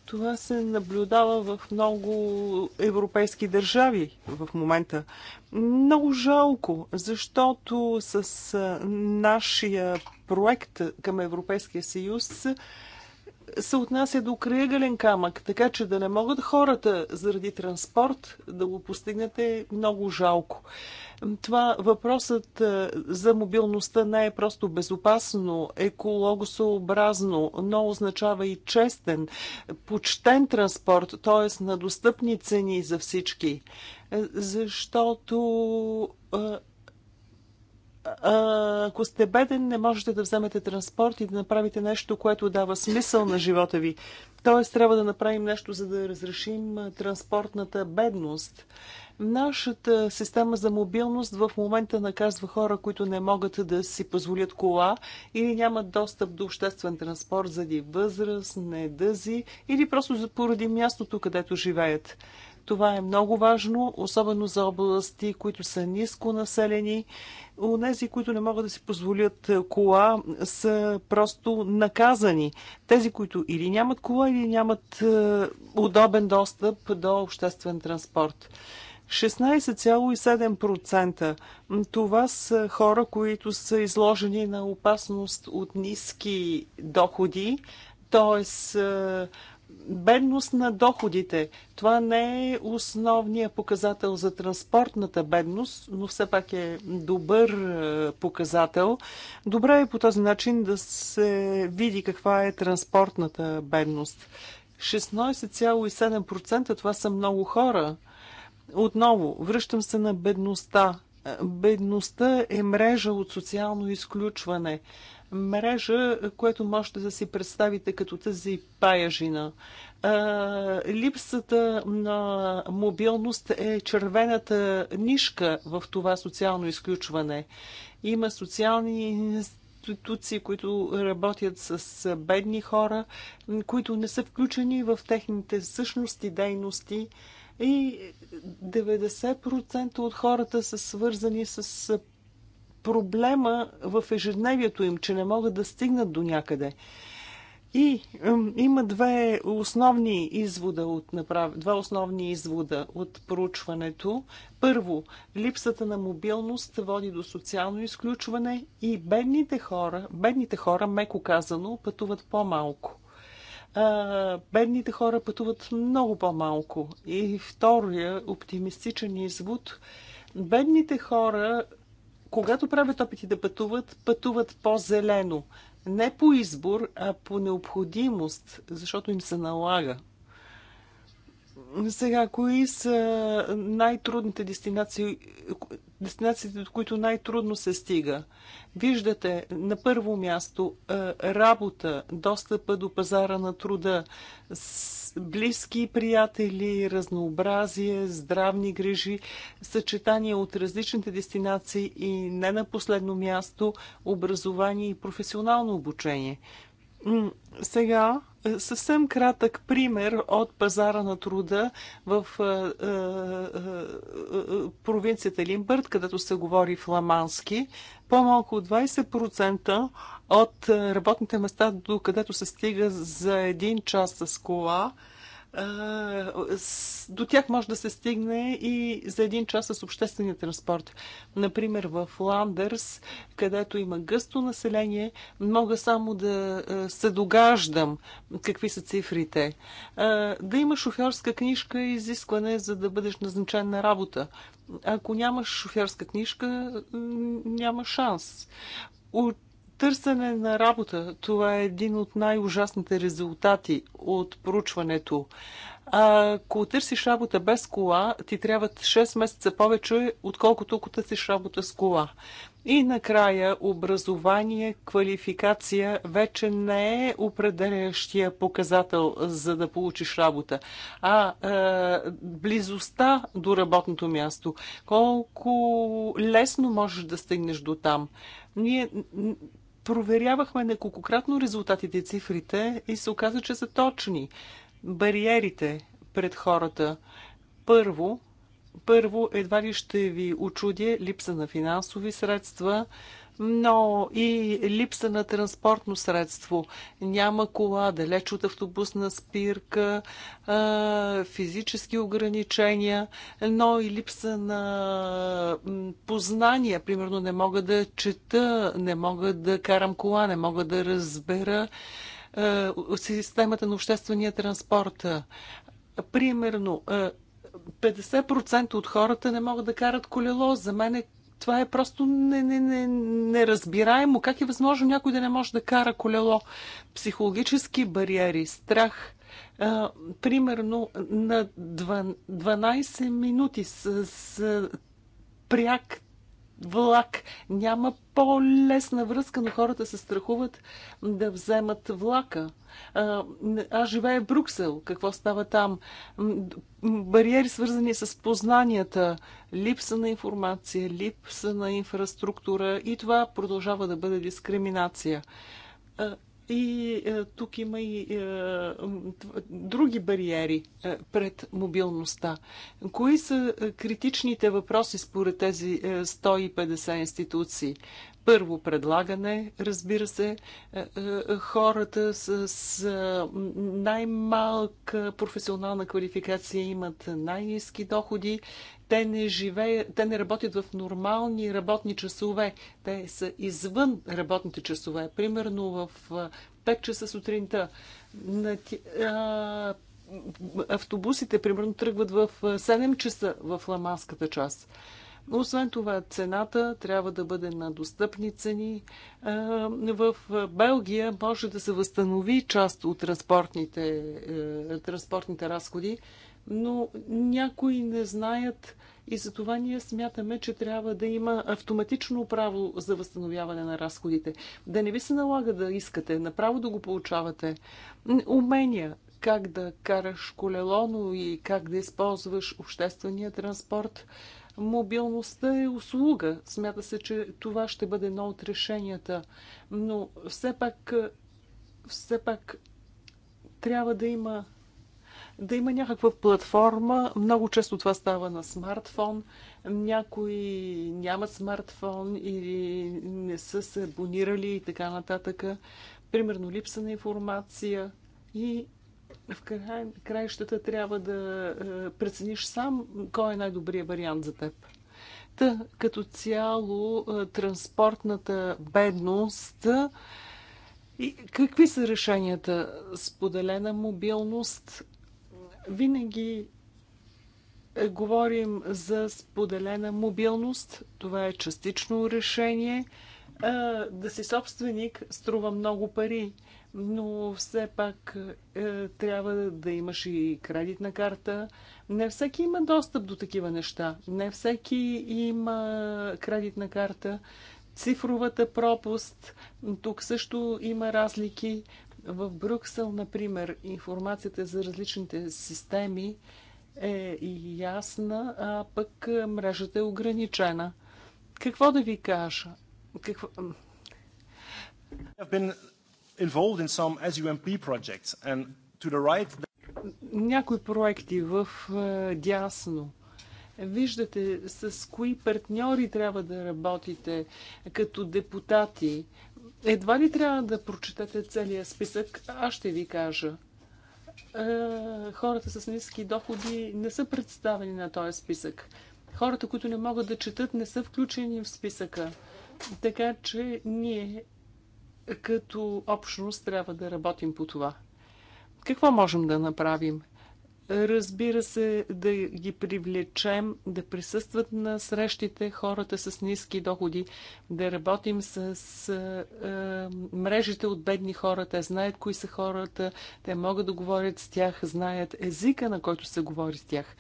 S4: това се наблюдава в много европейски държави в момента. Много жалко, защото с нашия проект към Европейския съюз се отнася до крайъгълен камък, така че да не могат хората заради транспорт да го постигнете е много жалко. Това въпросът е, за мобилността не е просто безопасно, екологосообразно, но означава и честен, почтен транспорт, т.е. на достъпни цени за всички. Е, защото е, ако сте беден, не можете да вземете транспорт и да направите нещо, което дава смисъл на живота ви. Тоест, трябва да направим нещо, за да разрешим транспортната бедност. Нашата система за мобилност в момента наказва хора, които не могат да си позволят кола или нямат достъп до обществен транспорт заради възраст, недъзи или просто поради мястото, където живеят. Това е много важно, особено за области, които са ниско населени. Унези, които не могат да си позволят кола, са просто наказани. Тези, които или нямат кола, или нямат е, удобен достъп до обществен транспорт. 16,7%. Това са хора, които са изложени на опасност от ниски доходи, т.е бедност на доходите. Това не е основният показател за транспортната бедност, но все пак е добър е, показател. Добре е по този начин да се види каква е транспортната бедност. 16,7% това са много хора. Отново, връщам се на бедността. Бедността е мрежа от социално изключване мрежа, което можете да си представите като тази паяжина. Липсата на мобилност е червената нишка в това социално изключване. Има социални институции, които работят с бедни хора, които не са включени в техните същности дейности. И 90% от хората са свързани с проблема в ежедневието им, че не могат да стигнат до някъде. И э, има две основни извода от направ... два основни извода от проучването. Първо, липсата на мобилност води до социално изключване и бедните хора, бедните хора, меко казано, пътуват по-малко. бедните хора пътуват много по-малко. И втория оптимистичен извод бедните хора когато правят опити да пътуват, пътуват по-зелено. Не по избор, а по необходимост, защото им се налага сега, кои са най-трудните дестинации, дестинациите, от които най-трудно се стига? Виждате на първо място е, работа, достъпа до пазара на труда, близки приятели, разнообразие, здравни грижи, съчетание от различните дестинации и не на последно място образование и професионално обучение. Сега е, съвсем кратък пример от пазара на труда в е, е, е, е провинцията Лимбърт, където се говори фламандски. По-малко от 20% от е, работните места, до където се стига за един час с кола, е, до тях може да се стигне и за един час с обществения транспорт. Например, в Ландърс, където има гъсто население, мога само да се догаждам какви са цифрите. Да има шофьорска книжка е изискване, за да бъдеш назначен на работа. Ако нямаш шофьорска книжка, няма шанс Търсене на работа. Това е един от най-ужасните резултати от проучването. Ако търсиш работа без кола, ти трябват 6 месеца повече, отколкото ако търсиш работа с кола. И накрая образование, квалификация вече не е определящия показател за да получиш работа, а е, близостта до работното място. Колко лесно можеш да стигнеш до там. Ние Проверявахме неколкократно резултатите и цифрите и се оказа, че са точни. Бариерите пред хората. Първо, първо, едва ли ще ви очудя липса на финансови средства, но и липса на транспортно средство. Няма кола, далеч от автобусна спирка, физически ограничения, но и липса на познания. Примерно не мога да чета, не мога да карам кола, не мога да разбера системата на обществения транспорт. Примерно, 50% от хората не могат да карат колело. За мен е това е просто неразбираемо. Не, не, не как е възможно някой да не може да кара колело? Психологически бариери, страх. А, примерно на 12 минути с, с пряк влак. Няма по-лесна връзка, но хората се страхуват да вземат влака. Аз живея в Бруксел. Какво става там? Бариери свързани с познанията, липса на информация, липса на инфраструктура и това продължава да бъде дискриминация. И е, тук има и е, други бариери е, пред мобилността. Кои са е, критичните въпроси според тези е, 150 институции? Първо предлагане, разбира се, е, е, хората с, с е, най-малка професионална квалификация имат най-низки доходи, те не живеят, те не работят в нормални работни часове. Те са извън работните часове. Примерно в 5 часа сутринта. автобусите, примерно, тръгват в 7 часа в ламанската част. Освен това, цената трябва да бъде на достъпни цени. В Белгия може да се възстанови част от транспортните, транспортните разходи, но някои не знаят и за това ние смятаме, че трябва да има автоматично право за възстановяване на разходите. Да не ви се налага да искате, направо да го получавате. Умения как да караш колело, но и как да използваш обществения транспорт. Мобилността е услуга. Смята се, че това ще бъде едно от решенията. Но все пак, все пак трябва да има да има някаква платформа. Много често това става на смартфон. Някои нямат смартфон или не са се абонирали и така нататък. Примерно липса на информация и в край, краищата трябва да е, прецениш сам кой е най-добрият вариант за теб. Та, като цяло, е, транспортната бедност. Е, и какви са решенията? Споделена мобилност, винаги е, говорим за споделена мобилност. Това е частично решение. Е, да си собственик струва много пари, но все пак е, трябва да имаш и кредитна карта. Не всеки има достъп до такива неща. Не всеки има кредитна карта цифровата пропуст. Тук също има разлики. В Брюксел, например, информацията за различните системи е ясна, а пък мрежата е ограничена. Какво да ви кажа? Какво...
S3: Right...
S4: Някои проекти в е, дясно. Виждате с кои партньори трябва да работите като депутати. Едва ли трябва да прочетете целия списък, аз ще ви кажа. Е, хората с ниски доходи не са представени на този списък. Хората, които не могат да четат, не са включени в списъка. Така че ние като общност трябва да работим по това. Какво можем да направим? разбира се, да ги привлечем, да присъстват на срещите хората с ниски доходи, да работим с, е, мрежите от бедни хора. Те знаят кои са хората, те могат да говорят с тях, знаят езика, на който се говори с тях.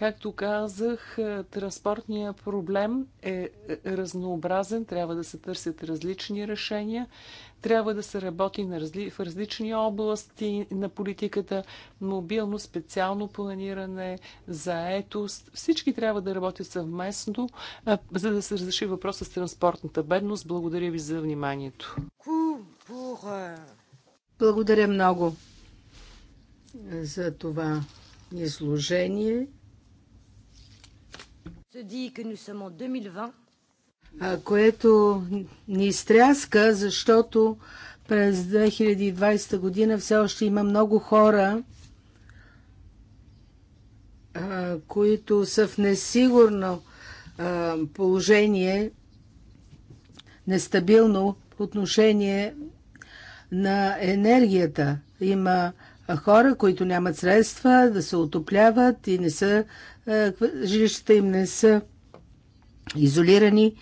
S4: Както казах, е, транспортният проблем е, е разнообразен, трябва да се търсят различни решения, трябва да се работи на разли... в различни области на политиката, мобилно, специално планиране, заетост. Всички трябва да работят съвместно, е, за да се разреши въпроса с транспортната бедност. Благодаря ви за вниманието.
S2: Благодаря много за това изложение което ни изтряска, защото през 2020 година все още има много хора, които са в несигурно положение, нестабилно отношение на енергията. Има хора, които нямат средства да се отопляват и не са, е, жилищата им не са изолирани.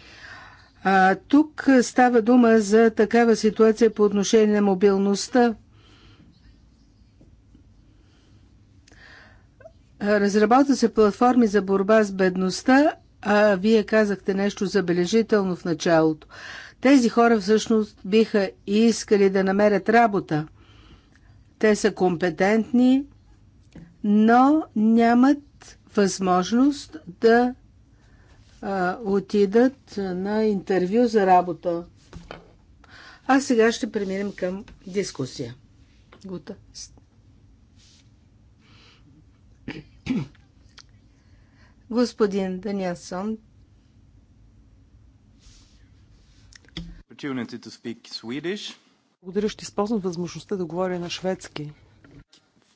S2: А, тук става дума за такава ситуация по отношение на мобилността. Разработва се платформи за борба с бедността, а вие казахте нещо забележително в началото. Тези хора всъщност биха искали да намерят работа – те са компетентни, но нямат възможност да а, отидат на интервю за работа. А сега ще преминем към дискусия. Гута. Господин Даниасон.
S3: Opportunity to speak Swedish.
S4: Благодаря, ще използвам възможността да говоря на шведски.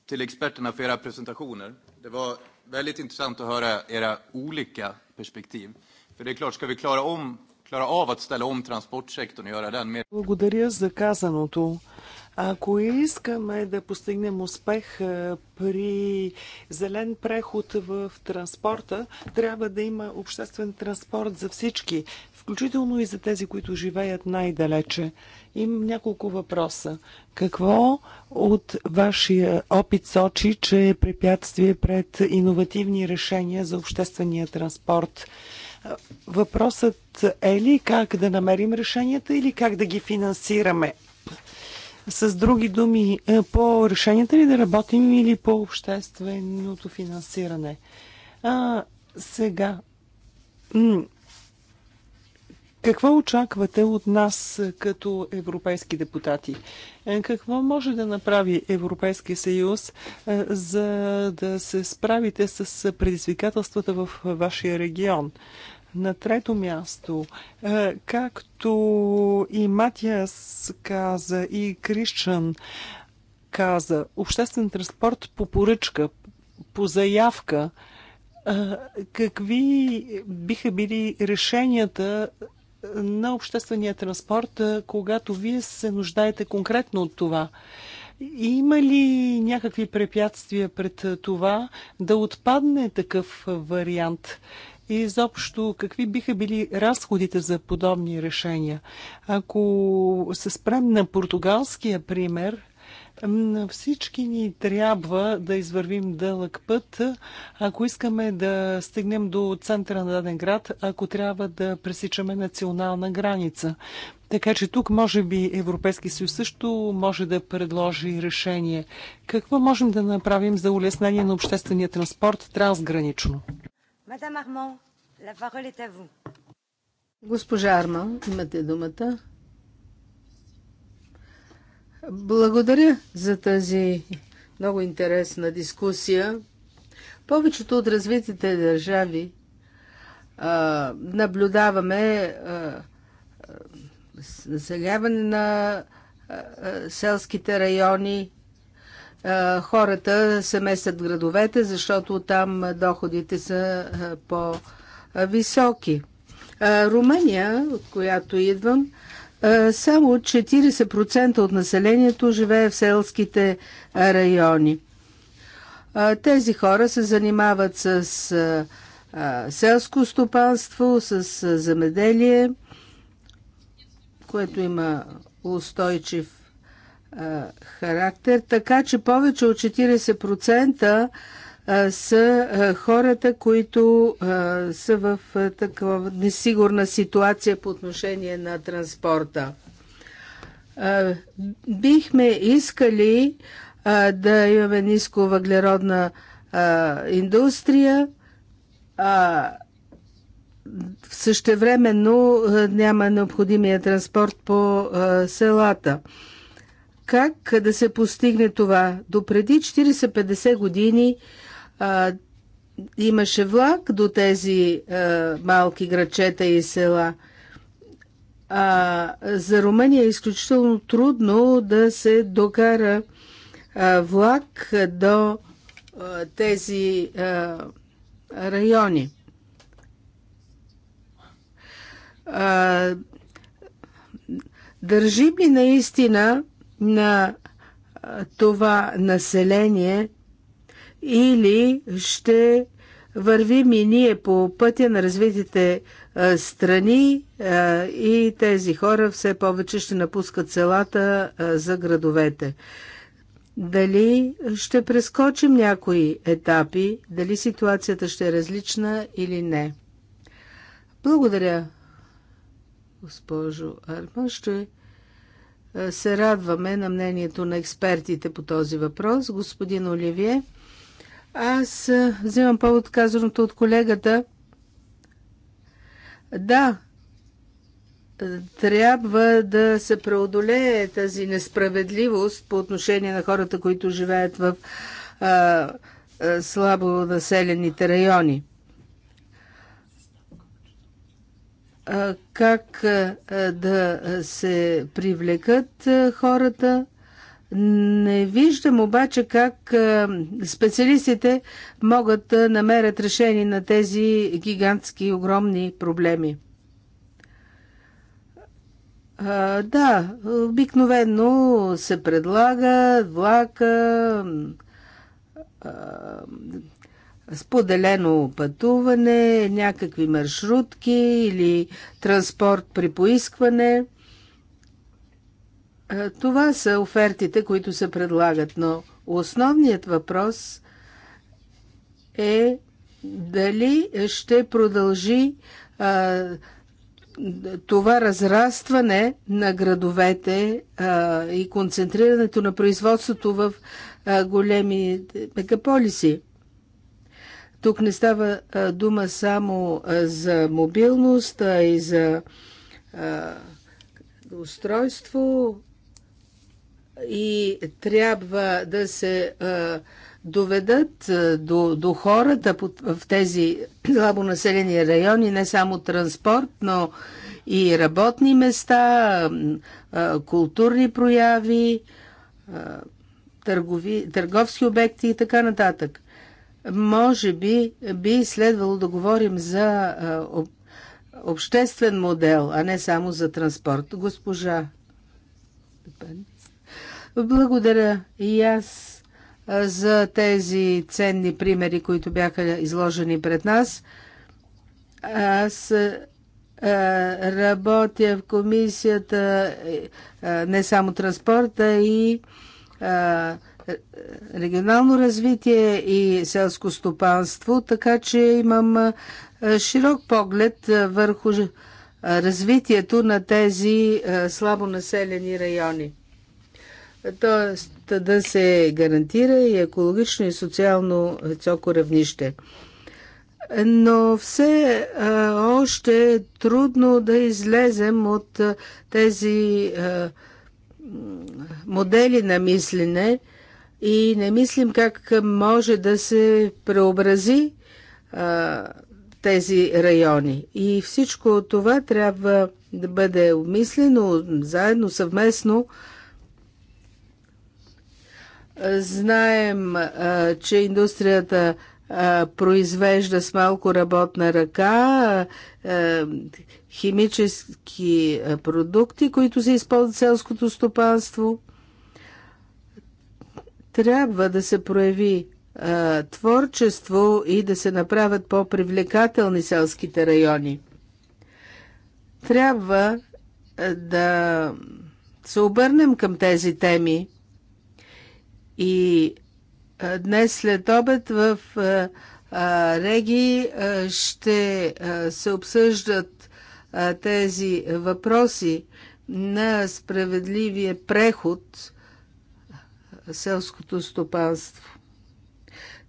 S3: Till experterna för era presentationer. Det var väldigt intressant att höra era olika perspektiv. För det är klart, ska vi klara, om, klara av att ställa om transportsektorn och göra den mer...
S4: Благодаря за казаното. Ако искаме да постигнем успех е, при зелен преход в транспорта, трябва да има обществен транспорт за всички, включително и за тези, които живеят най-далече. Имам няколко въпроса. Какво от вашия опит сочи, че е препятствие пред иновативни решения за обществения транспорт? Е, въпросът е ли как да намерим решенията или как да ги финансираме? С други думи, е, по решенията ли да работим или по общественото финансиране? А, сега, какво очаквате от нас е, като европейски депутати? Е, какво може да направи Европейския съюз, за да се справите с предизвикателствата в вашия регион? На трето място, е, както и Матиас каза, и Кришчан каза, обществен транспорт по поръчка, по заявка, е, какви биха били решенията на обществения транспорт, е, когато вие се нуждаете конкретно от това? Има ли някакви препятствия пред това да отпадне такъв вариант? и изобщо какви биха били разходите за подобни решения. Ако се спрем на португалския пример, на всички ни трябва да извървим дълъг път, ако искаме да стигнем до центъра на даден град, ако трябва да пресичаме национална граница. Така че тук може би Европейски съюз също може да предложи решение. Какво можем да направим за улеснение на обществения транспорт трансгранично?
S3: Мадам Арман, la parole est à vous.
S2: Госпожа Арман, имате думата. Благодаря за тази много интересна дискусия. Повечето от развитите държави а, наблюдаваме а, на а, селските райони, хората се местят в градовете, защото там доходите са по-високи. Румъния, от която идвам, само 40% от населението живее в селските райони. Тези хора се занимават с селско стопанство, с земеделие, което има устойчив характер, така че повече от 40% са хората, които са в такава несигурна ситуация по отношение на транспорта. Бихме искали да имаме ниско въглеродна индустрия, а същевременно няма необходимия транспорт по селата. Как да се постигне това? До преди 40-50 години а, имаше влак до тези а, малки грачета и села. А, за Румъния е изключително трудно да се докара а, влак до а, тези а, райони. А, държим ли наистина на това население или ще вървим и ние по пътя на развитите страни и тези хора все повече ще напускат селата за градовете. Дали ще прескочим някои етапи, дали ситуацията ще е различна или не. Благодаря, госпожо Арман. Ще е, се радваме на мнението на експертите по този въпрос. Господин Оливие, аз е, взимам повод казаното от колегата. Да, е, трябва да се преодолее тази несправедливост по отношение на хората, които живеят в а, а, слабо населените райони. как да се привлекат хората. Не виждам обаче как специалистите могат да намерят решение на тези гигантски огромни проблеми. Да, обикновено се предлага влака, споделено пътуване, някакви маршрутки или транспорт при поискване. Това са офертите, които се предлагат, но основният въпрос е дали ще продължи а, това разрастване на градовете а, и концентрирането на производството в а, големи мегаполиси. Тук не става дума само за мобилност, а и за устройство и трябва да се доведат до, до хората в тези слабонаселени райони не само транспорт, но и работни места, културни прояви, търгови, търговски обекти и така нататък. Може би би следвало да говорим за обществен модел, а не само за транспорт. Госпожа. Благодаря и аз за тези ценни примери, които бяха изложени пред нас. Аз работя в комисията не само транспорта и регионално развитие и селско стопанство, така че имам широк поглед върху развитието на тези слабо населени райони. Тоест да се гарантира и екологично и социално високо равнище. Но все още е трудно да излезем от тези модели на мислене, и не мислим как може да се преобрази а, тези райони. И всичко това трябва да бъде обмислено заедно, съвместно. Знаем, а, че индустрията а, произвежда с малко работна ръка а, химически продукти, които се използват в селското стопанство – трябва да се прояви а, творчество и да се направят по-привлекателни селските райони. Трябва а, да се обърнем към тези теми и а, днес след обед в а, а, Реги а, ще а, се обсъждат а, тези въпроси на справедливия преход селското стопанство.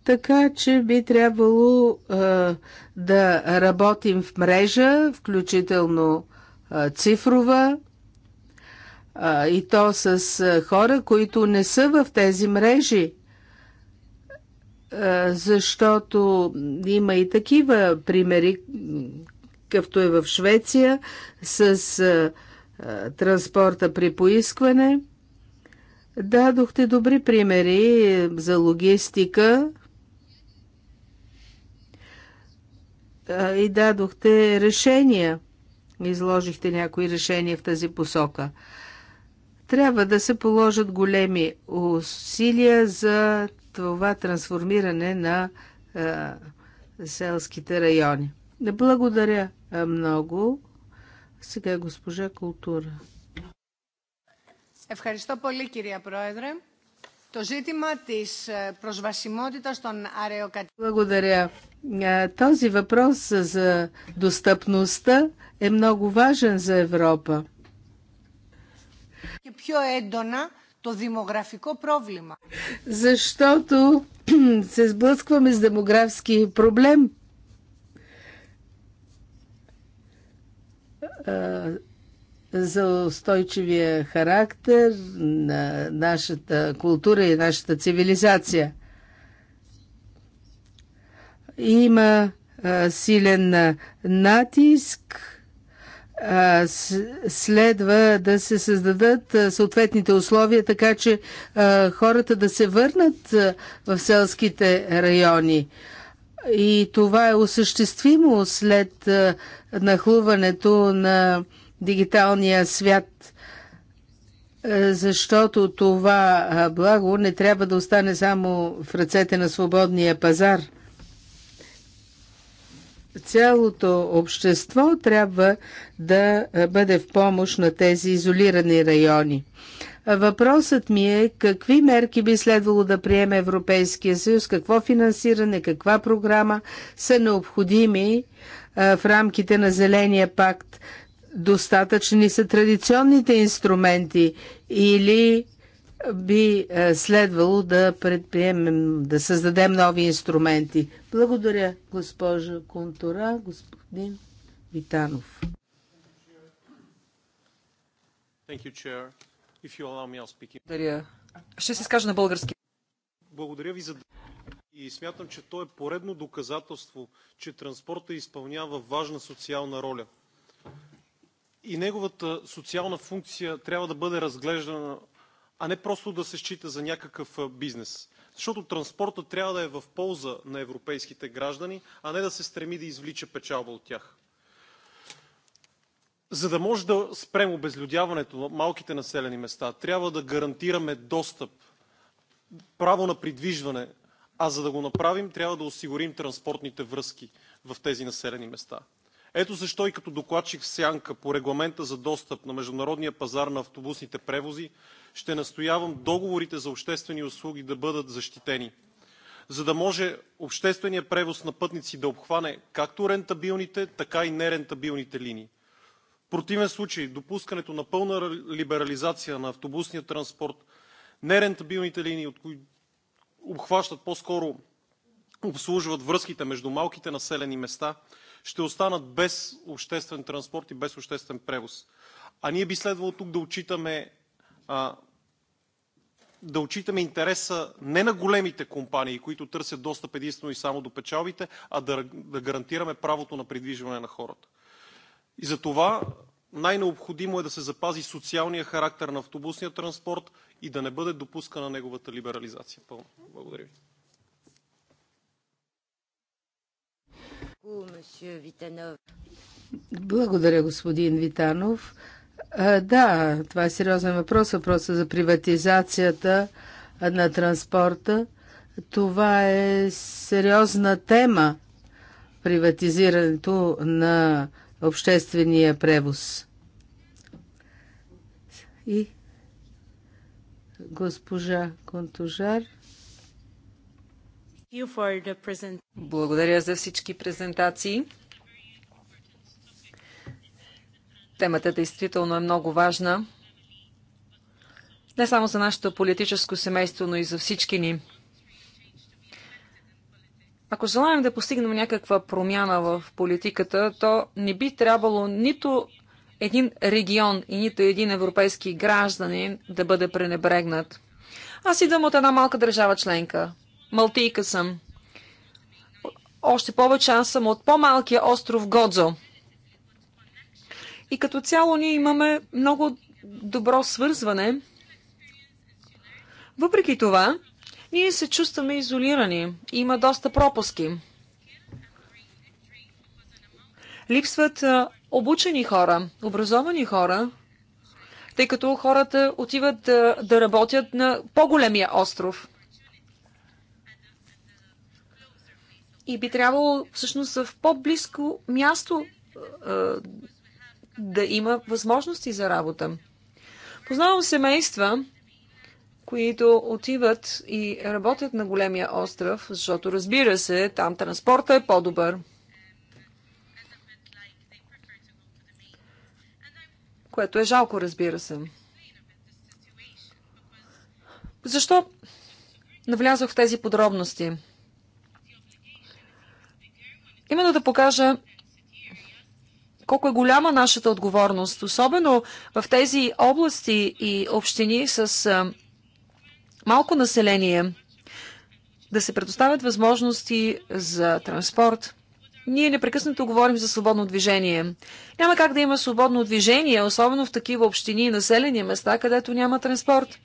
S2: Така че би трябвало а, да работим в мрежа, включително а, цифрова, а, и то с а, хора, които не са в тези мрежи, а, защото има и такива примери, какъвто е в Швеция, с а, а, транспорта при поискване – Дадохте добри примери за логистика и дадохте решения. Изложихте някои решения в тази посока. Трябва да се положат големи усилия за това трансформиране на а, селските райони. Благодаря много. Сега госпожа култура. Ευχαριστώ πολύ κυρία Πρόεδρε. Το ζήτημα της προσβασιμότητας των Благодаря. Е, този въпрос за достъпността е много важен за Европа. Και πιο έντονα το δημογραφικό πρόβλημα. Защото се сблъскваме с демографски проблем. Е, за устойчивия характер на нашата култура и нашата цивилизация. Има а, силен натиск. А, следва да се създадат а, съответните условия, така че а, хората да се върнат а, в селските райони. И това е осъществимо след а, нахлуването на а, дигиталния свят, е, защото това е, благо не трябва да остане само в ръцете на свободния пазар. Цялото общество трябва да е, бъде в помощ на тези изолирани райони. Въпросът ми е какви мерки би следвало да приеме Европейския съюз, какво финансиране, каква програма са необходими в рамките на Зеления пакт, достатъчни са традиционните инструменти или би е, следвало да предприемем, да създадем нови инструменти. Благодаря, госпожа Контура, господин Витанов.
S3: Благодаря.
S1: Ще се скажа на български.
S3: Благодаря ви за и смятам, че то е поредно доказателство, че транспорта изпълнява важна социална роля – и неговата социална функция трябва да бъде разглеждана, а не просто да се счита за някакъв бизнес. Защото транспортът трябва да е в полза на европейските граждани, а не да се стреми да извлича печалба от тях. За да може да спрем обезлюдяването на малките населени места, трябва да гарантираме достъп, право на придвижване, а за да го направим, трябва да осигурим транспортните връзки в тези населени места. Ето защо и като докладчик в сянка по регламента за достъп на международния пазар на автобусните превози ще настоявам договорите за обществени услуги да бъдат защитени, за да може обществения превоз на пътници да обхване както рентабилните, така и нерентабилните линии. В противен случай допускането на пълна либерализация на автобусния транспорт, нерентабилните линии, които обхващат по-скоро обслужват връзките между малките населени места, ще останат без обществен транспорт и без обществен превоз. А ние би следвало тук да отчитаме, а, да отчитаме интереса не на големите компании, които търсят достъп единствено и само до печалбите, а да, да гарантираме правото на придвижване на хората. И за това най-необходимо е да се запази социалния характер на автобусния транспорт и да не бъде допускана неговата либерализация. Пълно. Благодаря ви.
S2: Благодаря, господин Витанов. А, да, това е сериозен въпрос. Въпроса за приватизацията на транспорта. Това е сериозна тема. Приватизирането на обществения превоз. И госпожа Контужар. Благодаря за всички презентации.
S1: Темата действително е много важна. Не само за нашето политическо семейство, но и за всички ни. Ако желаем да постигнем някаква промяна в политиката, то не би трябвало нито един регион и нито един европейски гражданин да бъде пренебрегнат. Аз идвам от една малка държава членка, Малтийка съм. Още повече аз съм от по-малкия остров Годзо. И като цяло ние имаме много добро свързване. Въпреки това, ние се чувстваме изолирани. Има доста пропуски. Липсват обучени хора, образовани хора, тъй като хората отиват да, да работят на по-големия остров. и би трябвало всъщност в по-близко място да има възможности за работа. Познавам семейства, които отиват и работят на големия остров, защото разбира се, там транспорта е по-добър. Което е жалко, разбира се. Защо навлязох в тези подробности? именно да покажа колко е голяма нашата отговорност, особено в тези области и общини с малко население, да се предоставят възможности за транспорт. Ние непрекъснато говорим за свободно движение. Няма как да има свободно движение, особено в такива общини и населени места, където няма транспорт.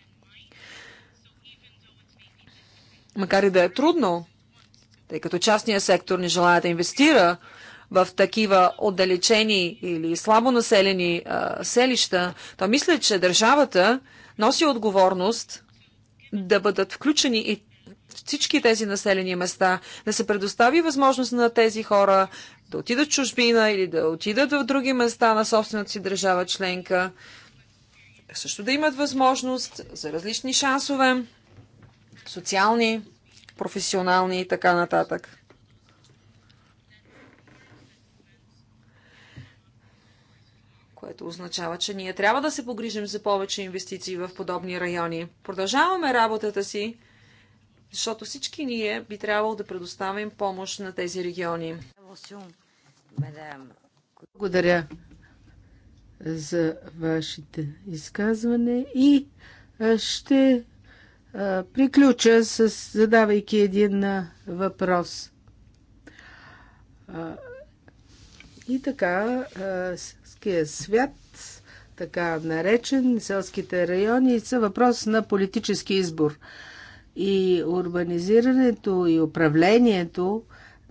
S1: Макар и да е трудно, тъй като частният сектор не желая да инвестира в такива отдалечени или слабо населени а, селища, то мисля, че държавата носи отговорност да бъдат включени и всички тези населени места, да се предостави възможност на тези хора да отидат в чужбина или да отидат в други места на собствената си държава членка, също да имат възможност за различни шансове, социални, професионални и така нататък. което означава, че ние трябва да се погрижим за повече инвестиции в подобни райони. Продължаваме работата си, защото всички ние би трябвало да предоставим помощ на тези региони.
S2: Благодаря за вашите изказване и ще приключа с задавайки един въпрос. И така, селския свят, така наречен, селските райони са въпрос на политически избор. И урбанизирането и управлението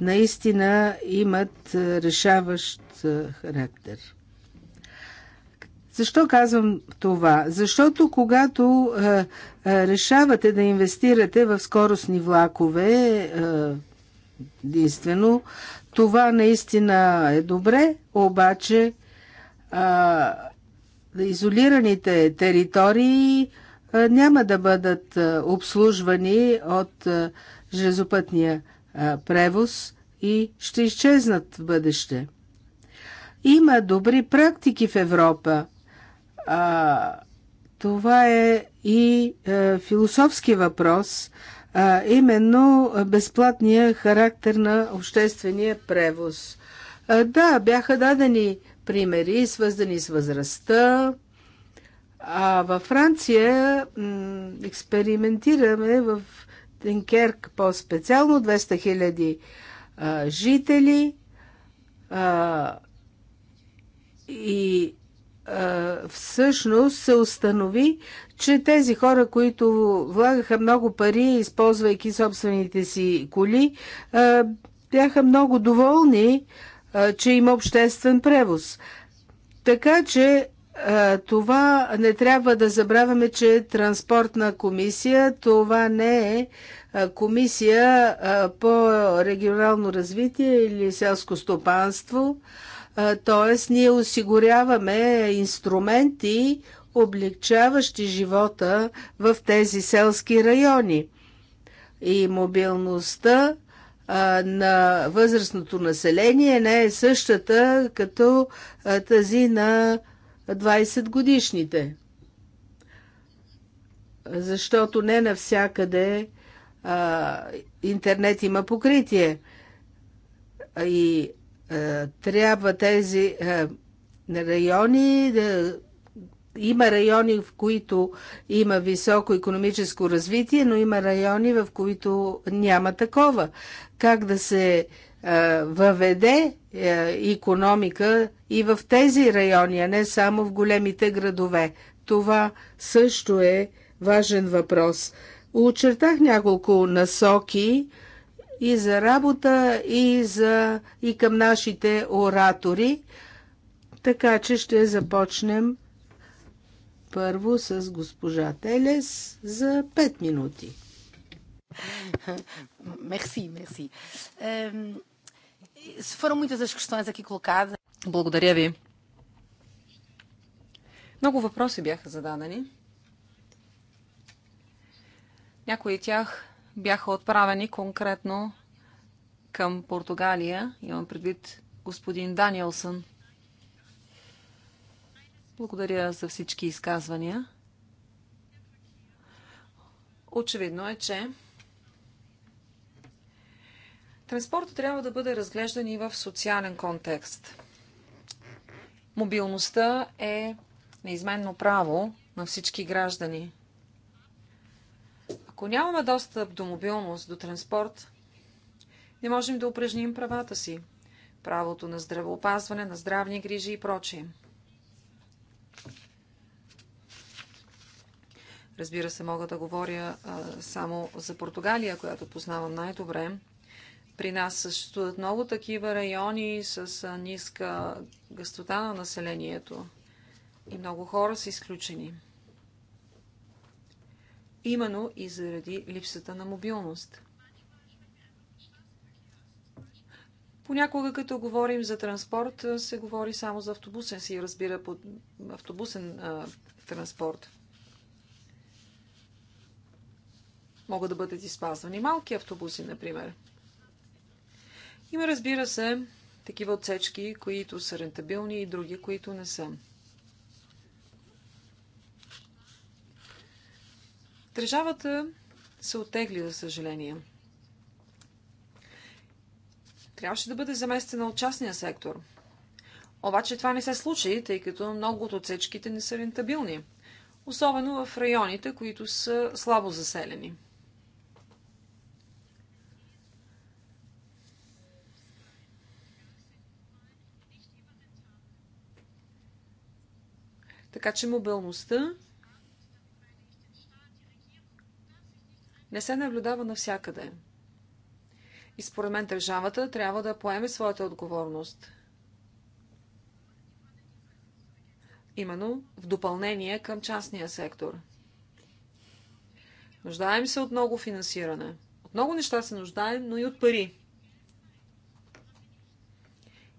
S2: наистина имат решаващ характер. Защо казвам това? Защото когато е, е, решавате да инвестирате в скоростни влакове, е, единствено, това наистина е добре, обаче а, изолираните територии а, няма да бъдат а, обслужвани от а, железопътния а, превоз и ще изчезнат в бъдеще. Има добри практики в Европа, а, това е и а, е, философски въпрос, а именно безплатния характер на обществения превоз. А, да, бяха дадени примери, свързани с възрастта. А във Франция експериментираме в Тенкерк по-специално 200 хиляди жители а, и всъщност се установи, че тези хора, които влагаха много пари, използвайки собствените си коли, бяха много доволни, че има обществен превоз. Така че това не трябва да забравяме, че е транспортна комисия, това не е комисия по регионално развитие или селско стопанство, Тоест, ние осигуряваме инструменти, облегчаващи живота в тези селски райони. И мобилността на възрастното население не е същата като тази на 20 годишните. Защото не навсякъде а, интернет има покритие. И е, трябва тези е, райони да има райони, в които има високо економическо развитие, но има райони, в които няма такова. Как да се е, въведе економика и в тези райони, а не само в големите градове. Това също е важен въпрос. Очертах няколко насоки, и за работа, и, за, и към нашите оратори. Така че ще започнем първо с госпожа Телес за 5 минути. Мерси, мерси. Foram muitas as за
S1: за colocadas. Благодаря ви. Много въпроси бяха зададени. Някои от тях бяха отправени конкретно към Португалия. Имам предвид господин Даниелсън. Благодаря за всички изказвания. Очевидно е, че транспортът трябва да бъде разглеждан и в социален контекст. Мобилността е неизменно право на всички граждани – ако нямаме достъп до мобилност, до транспорт, не можем да упражним правата си, правото на здравеопазване, на здравни грижи и прочие. Разбира се, мога да говоря а, само за Португалия, която познавам най-добре. При нас съществуват много такива райони с а, ниска гъстота на населението и много хора са изключени именно и заради липсата на мобилност. Понякога, като говорим за транспорт, се говори само за автобусен си, разбира, под автобусен а, транспорт. Могат да бъдат изпазвани малки автобуси, например. Има, разбира се, такива отсечки, които са рентабилни и други, които не са. Държавата се оттегли, за съжаление. Трябваше да бъде заместена от частния сектор. Обаче това не се случи, тъй като много от отсечките не са рентабилни, особено в районите, които са слабо заселени. Така че мобилността не се наблюдава навсякъде. И според мен държавата трябва да поеме своята отговорност. Именно в допълнение към частния сектор. Нуждаем се от много финансиране. От много неща се нуждаем, но и от пари.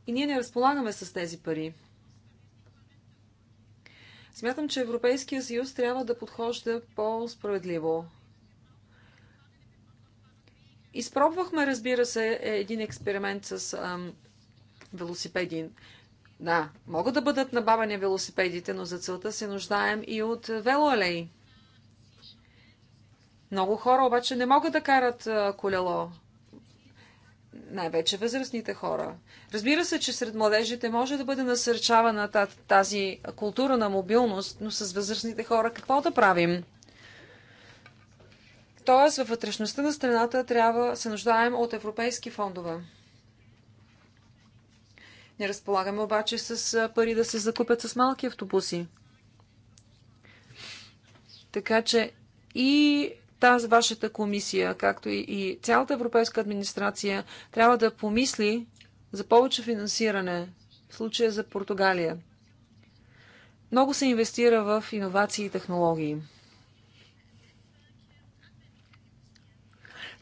S1: И ние не разполагаме с тези пари. Смятам, че Европейския съюз трябва да подхожда по-справедливо. Изпробвахме, разбира се, е, един експеримент с ам, велосипедин. Да, могат да бъдат набавени велосипедите, но за целта се нуждаем и от велоалей. Много хора обаче не могат да карат колело. Най-вече възрастните хора. Разбира се, че сред младежите може да бъде насърчавана тази култура на мобилност, но с възрастните хора какво да правим? Тоест, във вътрешността на страната трябва се нуждаем от европейски фондове. Не разполагаме обаче с пари да се закупят с малки автобуси. Така че и тази вашата комисия, както и, и цялата европейска администрация, трябва да помисли за повече финансиране в случая за Португалия. Много се инвестира в иновации и технологии.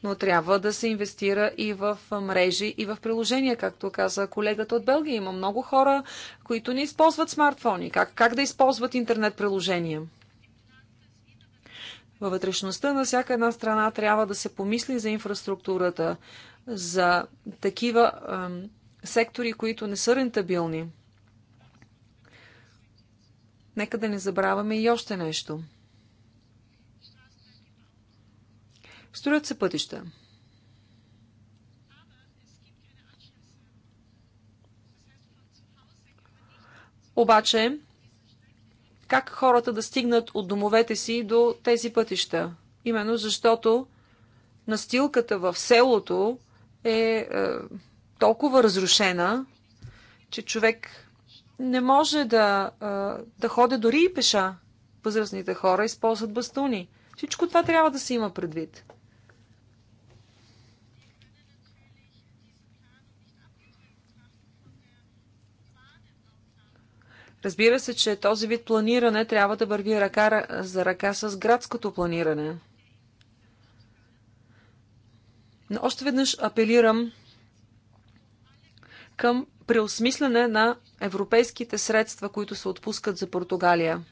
S1: но трябва да се инвестира и в мрежи, и в приложения, както каза колегата от Белгия. Има много хора, които не използват смартфони. Как, как да използват интернет приложения? Във вътрешността на всяка една страна трябва да се помисли за инфраструктурата, за такива ем, сектори, които не са рентабилни. Нека да не забравяме и още нещо – Строят се пътища. Обаче, как хората да стигнат от домовете си до тези пътища? Именно защото настилката в селото е, е толкова разрушена, че човек не може да, е, да ходи дори и пеша. Възрастните хора използват бастуни. Всичко това трябва да се има предвид. Разбира се, че този вид планиране трябва да върви ръка за ръка с градското планиране. Но още веднъж апелирам към преосмислене на европейските средства, които се отпускат за Португалия.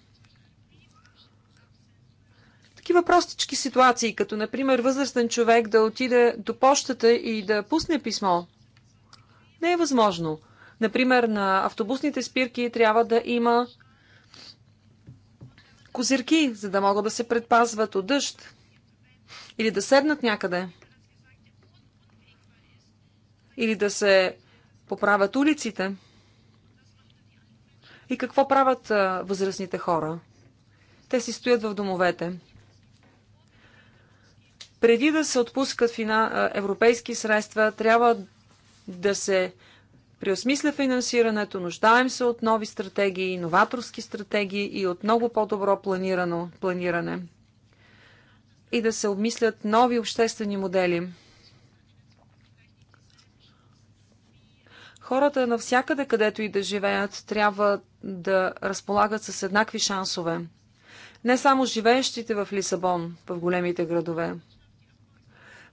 S1: Такива простички ситуации, като например възрастен човек да отиде до почтата и да пусне писмо, не е възможно – Например, на автобусните спирки трябва да има козирки, за да могат да се предпазват от дъжд или да седнат някъде, или да се поправят улиците. И какво правят възрастните хора? Те си стоят в домовете. Преди да се отпускат европейски средства, трябва да се преосмисля финансирането, нуждаем се от нови стратегии, новаторски стратегии и от много по-добро планирано, планиране. И да се обмислят нови обществени модели. Хората навсякъде, където и да живеят, трябва да разполагат с еднакви шансове. Не само живеещите в Лисабон, в големите градове.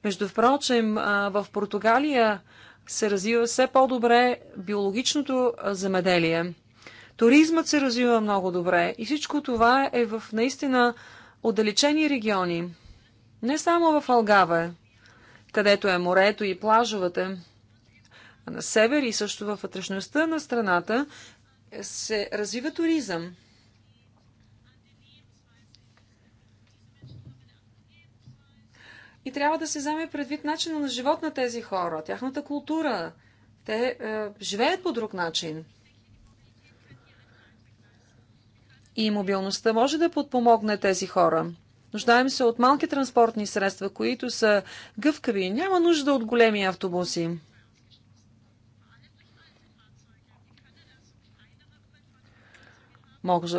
S1: Между впрочем, в Португалия се развива все по-добре биологичното земеделие. Туризмът се развива много добре и всичко това е в наистина отдалечени региони. Не само в Алгаве, където е морето и плажовете, а на север и също в вътрешността на страната се развива туризъм. И трябва да се вземе предвид начина на живот на тези хора, тяхната култура. Те е, живеят по друг начин. И мобилността може да подпомогне тези хора. Нуждаем се от малки транспортни средства, които са гъвкави. Няма нужда от големи автобуси.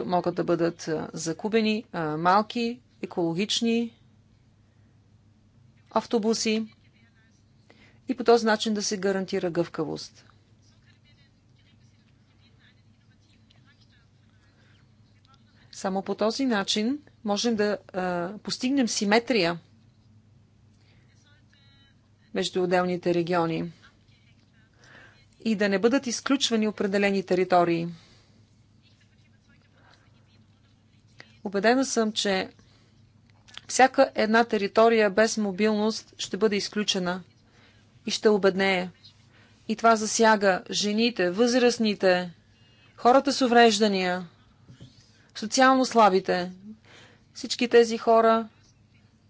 S1: Могат да бъдат е, закубени, е, малки екологични автобуси и по този начин да се гарантира гъвкавост. Само по този начин можем да а, постигнем симетрия между отделните региони и да не бъдат изключвани определени територии. Обедена съм, че всяка една територия без мобилност ще бъде изключена и ще обеднее. И това засяга жените, възрастните, хората с увреждания, социално слабите. Всички тези хора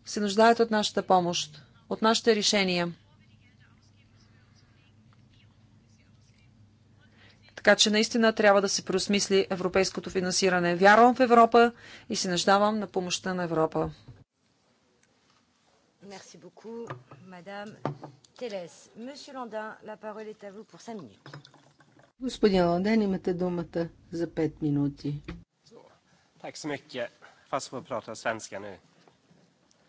S1: се нуждаят от нашата помощ, от нашите решения. Така че наистина трябва да се преосмисли европейското финансиране. Вярвам в Европа и се нуждавам на помощта на Европа.
S3: Merci beaucoup, Madame Телес. Monsieur Ландан, la parole est à vous pour 5 minutes.
S2: Господин Ландан, имате думата за 5 минути.
S3: Tack så mycket. Fast får prata svenska nu.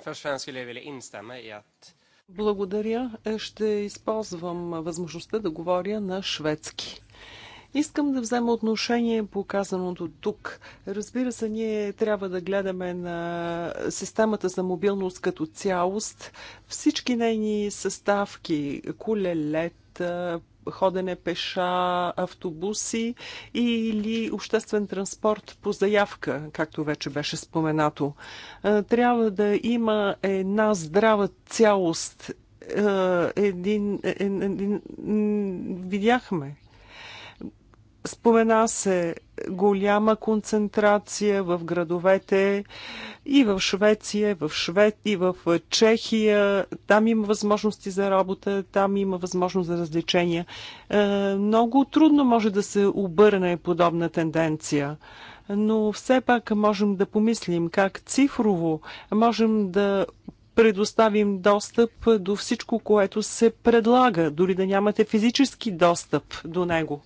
S3: Först och främst skulle jag vilja instämma i att
S4: Благодаря. Ще използвам възможността да говоря на шведски. Искам да взема отношение по казаното тук. Разбира се, ние трябва да гледаме на системата за мобилност като цялост. Всички нейни съставки, колелет, ходене пеша, автобуси или обществен транспорт по заявка, както вече беше споменато. Трябва да има една здрава цялост един, един, е, е, един, видяхме Спомена се голяма концентрация в градовете и в Швеция, в Швед, и в Чехия. Там има възможности за работа, там има възможност за развлечения. Е, много трудно може да се обърне подобна тенденция но все пак можем да помислим как цифрово можем да предоставим достъп до всичко, което се предлага, дори да нямате физически достъп до него.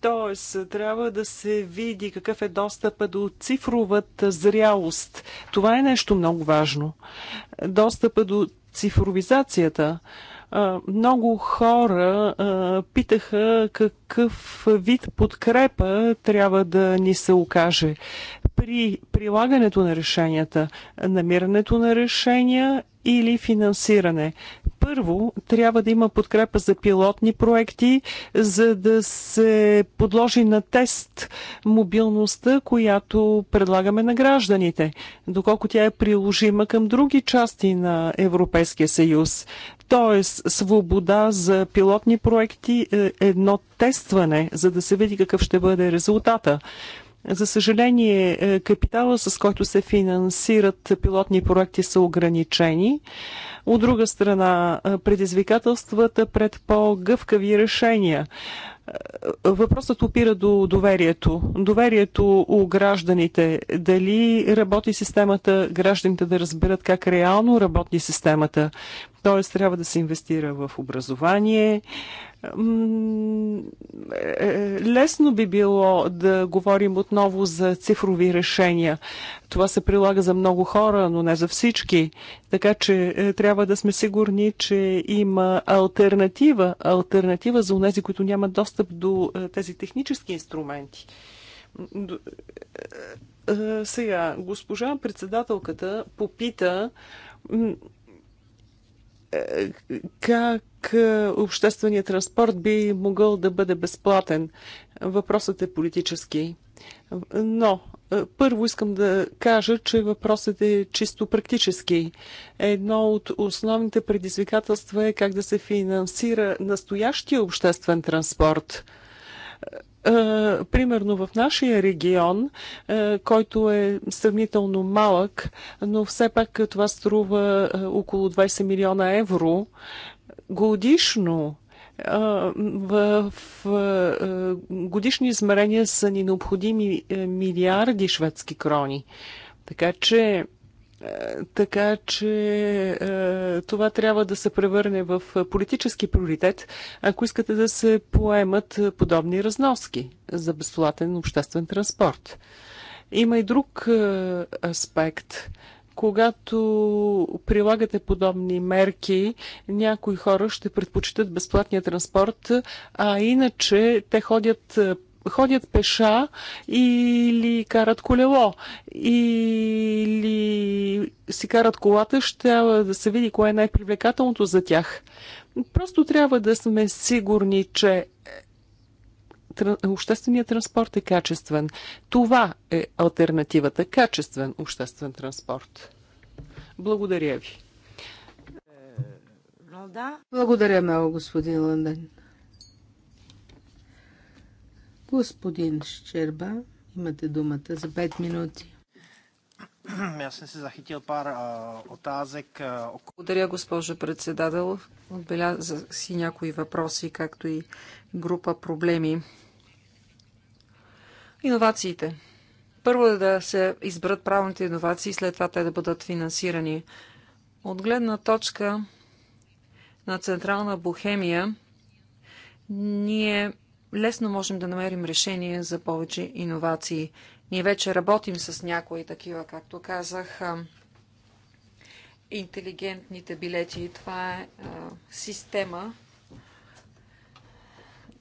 S4: Тоест, трябва да се види какъв е достъпа до цифровата зрялост. Това е нещо много важно. Достъпа до цифровизацията. Много хора питаха какъв вид подкрепа трябва да ни се окаже при прилагането на решенията, намирането на решения или финансиране. Първо, трябва да има подкрепа за пилотни проекти, за да се подложи на тест мобилността, която предлагаме на гражданите, доколко тя е приложима към други части на Европейския съюз. Тоест, свобода за пилотни проекти е едно тестване, за да се види какъв ще бъде резултата. За съжаление, е, капитала, с който се финансират пилотни проекти, са ограничени. От друга страна, е, предизвикателствата пред по-гъвкави решения. Е, въпросът опира до доверието. Доверието у гражданите. Дали работи системата, гражданите да разберат как реално работи системата. Т.е. трябва да се инвестира в образование, е, е, лесно би било да говорим отново за цифрови решения. Това се прилага за много хора, но не за всички. Така че е, трябва да сме сигурни, че има альтернатива. Альтернатива за тези, които нямат достъп до тези технически инструменти. Сега, госпожа председателката попита как е, общественият транспорт би могъл да бъде безплатен. Въпросът е политически. Но е, първо искам да кажа, че въпросът е чисто практически. Едно от основните предизвикателства е как да се финансира настоящия обществен транспорт. Е, примерно в нашия регион, е, който е сравнително малък, но все пак това струва е, около 20 милиона евро годишно в годишни измерения са ни необходими милиарди шведски крони. Така че е, така че е, това трябва да се превърне в политически приоритет, ако искате да се поемат подобни разноски за безплатен обществен транспорт. Има и друг е, аспект когато прилагате подобни мерки, някои хора ще предпочитат безплатния транспорт, а иначе те ходят ходят пеша или карат колело, или си карат колата, ще да се види кое е най-привлекателното за тях. Просто трябва да сме сигурни, че общественият транспорт е качествен. Това е альтернативата. Качествен обществен транспорт. Благодаря ви.
S2: Благодаря много, господин Ланден. Господин Щерба, имате думата за 5 минути.
S3: съм ами, се захитил пар а, А... Благодаря,
S1: госпожо председател. Отбеляза си някои въпроси, както и група проблеми. Иновациите. Първо е да се изберат правилните иновации, след това те да бъдат финансирани. От гледна точка на Централна Бохемия, ние лесно можем да намерим решение за повече иновации. Ние вече работим с някои такива, както казах, интелигентните билети. Това е система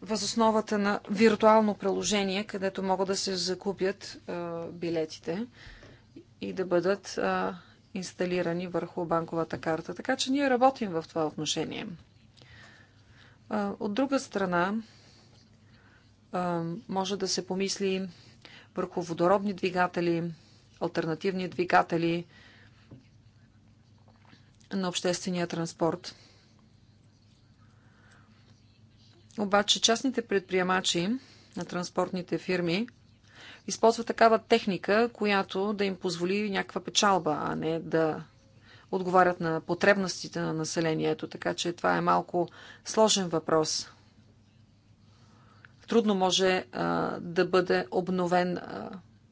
S1: възосновата на виртуално приложение, където могат да се закупят билетите и да бъдат инсталирани върху банковата карта. Така че ние работим в това отношение. От друга страна, може да се помисли върху водородни двигатели, альтернативни двигатели на обществения транспорт. Обаче частните предприемачи на транспортните фирми използват такава техника, която да им позволи някаква печалба, а не да отговарят на потребностите на населението. Така че това е малко сложен въпрос – трудно може а, да бъде обновен а,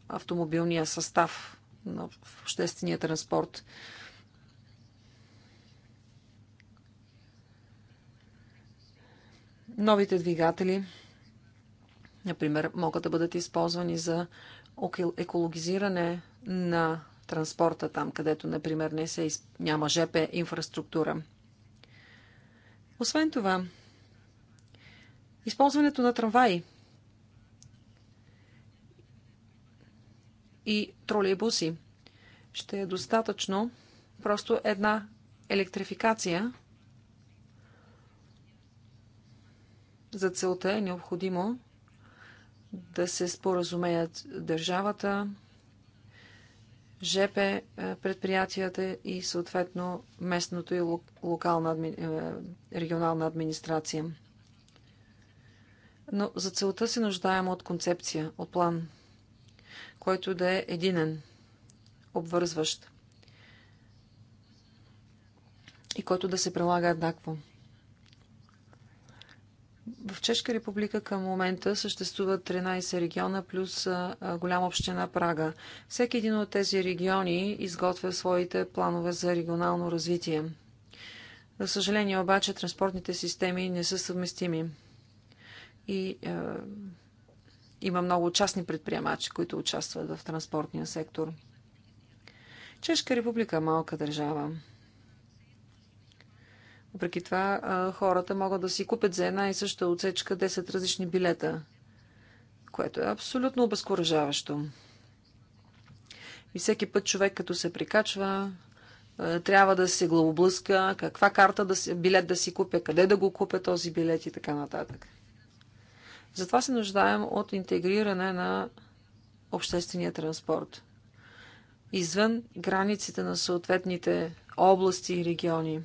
S1: автомобилния състав на обществения транспорт. Новите двигатели, например, могат да бъдат използвани за екологизиране на транспорта там, където, например, не се, няма ЖП инфраструктура. Освен това, Използването на трамваи и тролейбуси ще е достатъчно просто една електрификация. За целта е необходимо да се споразумеят държавата, ЖП е, предприятията и съответно местното и локална е, регионална администрация. Но за целта се нуждаем от концепция, от план, който да е единен, обвързващ и който да се прилага еднакво. В Чешка република към момента съществуват 13 региона плюс голяма община Прага. Всеки един от тези региони изготвя своите планове за регионално развитие. За съжаление обаче транспортните системи не са съвместими и е, има много частни предприемачи, които участват в транспортния сектор. Чешка република е малка държава. Въпреки това, е, хората могат да си купят за една и съща отсечка 10 различни билета, което е абсолютно обезкуражаващо. И всеки път човек, като се прикачва, е, трябва да се главоблъска, каква карта да си, билет да си купя, къде да го купя този билет и така нататък. Затова се нуждаем от интегриране на обществения транспорт извън границите на съответните области и региони.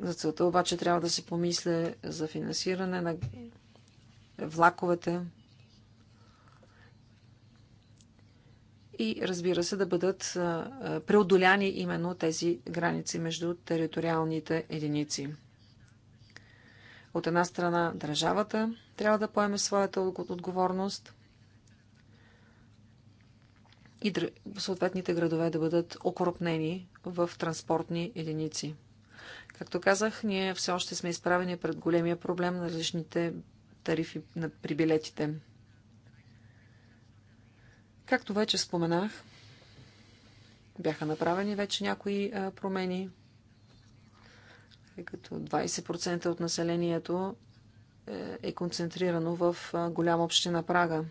S1: За целта обаче трябва да се помисле за финансиране на влаковете и разбира се да бъдат преодоляни именно тези граници между териториалните единици. От една страна държавата трябва да поеме своята отговорност и съответните градове да бъдат окрупнени в транспортни единици. Както казах, ние все още сме изправени пред големия проблем на различните тарифи на прибилетите. Както вече споменах, бяха направени вече някои промени тъй като 20% от населението е, е концентрирано в голяма община Прага.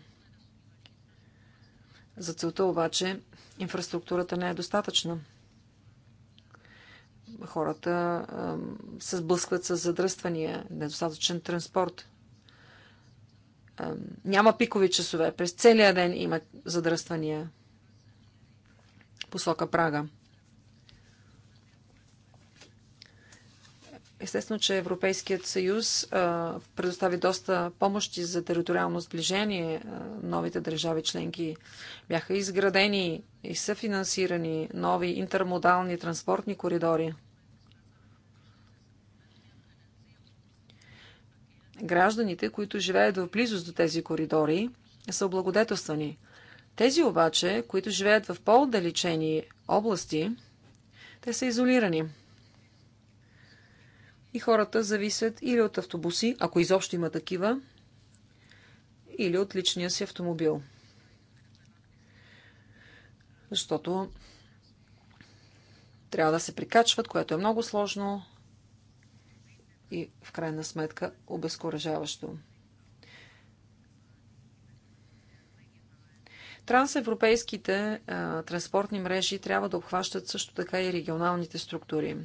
S1: За целта обаче инфраструктурата не е достатъчна. Хората се сблъскват с задръствания, недостатъчен транспорт. Няма пикови часове. През целия ден има задръствания посока Прага. Естествено, че Европейският съюз а, предостави доста помощи за териториално сближение. А, новите държави членки бяха изградени и са финансирани нови интермодални транспортни коридори. Гражданите, които живеят в близост до тези коридори, са облагодетелствани. Тези обаче, които живеят в по-отдалечени области, те са изолирани – и хората зависят или от автобуси, ако изобщо има такива, или от личния си автомобил. Защото трябва да се прикачват, което е много сложно и в крайна сметка обезкуражаващо. Трансевропейските а, транспортни мрежи трябва да обхващат също така и регионалните структури.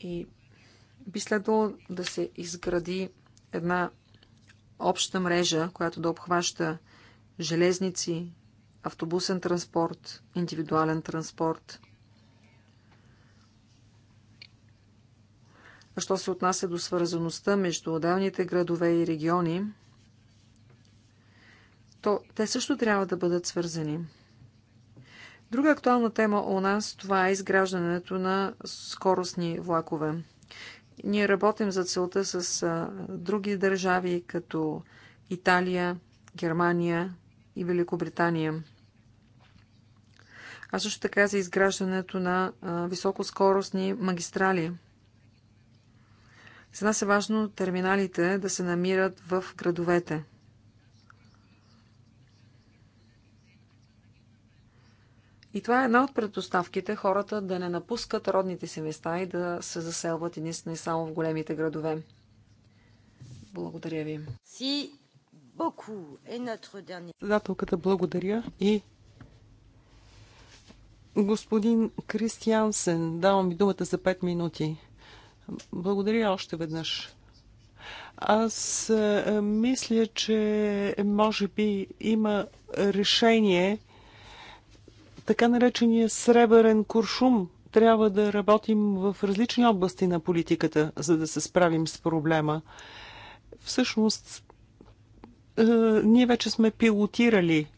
S1: И би следвало да се изгради една обща мрежа, която да обхваща железници, автобусен транспорт, индивидуален транспорт. А що се отнася до свързаността между отделните градове и региони, то те също трябва да бъдат свързани. Друга актуална тема у нас това е изграждането на скоростни влакове. Ние работим за целта с други държави, като Италия, Германия и Великобритания. А също така за изграждането на високоскоростни магистрали. За нас е важно терминалите да се намират в градовете. И това е една от предпоставките хората да не напускат родните си места и да се заселват единствено и само в големите градове. Благодаря ви.
S2: Си Боку е Председателката
S4: благодаря и господин Кристиансен, давам ви думата за 5 минути. Благодаря още веднъж. Аз е, мисля, че може би има решение така наречения сребърен куршум. Трябва да работим в различни области на политиката, за да се справим с проблема. Всъщност, е, ние вече сме пилотирали е,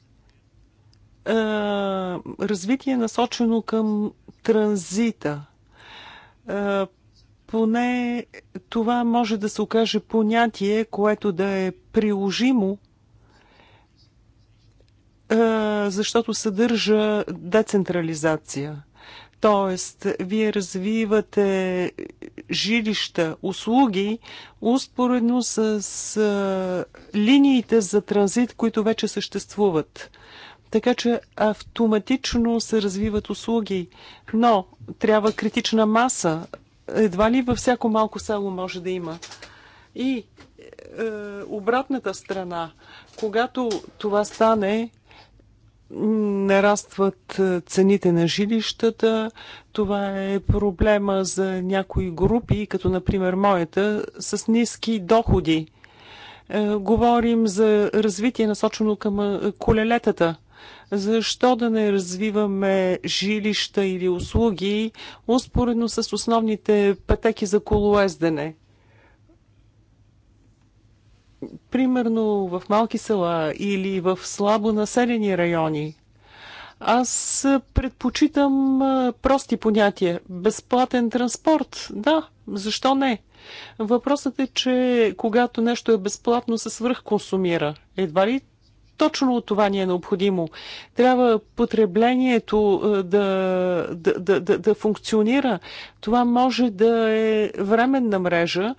S4: развитие е насочено към транзита. Е, поне това може да се окаже понятие, което да е приложимо защото съдържа децентрализация. Тоест, вие развивате жилища, услуги, успоредно с линиите за транзит, които вече съществуват. Така че автоматично се развиват услуги, но трябва критична маса. Едва ли във всяко малко село може да има. И е, обратната страна, когато това стане, нарастват е, цените на жилищата. Това е проблема за някои групи, като например моята, с ниски доходи. Е, говорим за развитие насочено към е, колелетата. Защо да не развиваме жилища или услуги успоредно с основните пътеки за колоездене? примерно в малки села или в слабо населени райони. Аз предпочитам прости понятия. Безплатен транспорт, да, защо не? Въпросът е, че когато нещо е безплатно, се свръхконсумира. Едва ли точно това ни е необходимо. Трябва потреблението да, да, да, да, да функционира. Това може да е временна мрежа,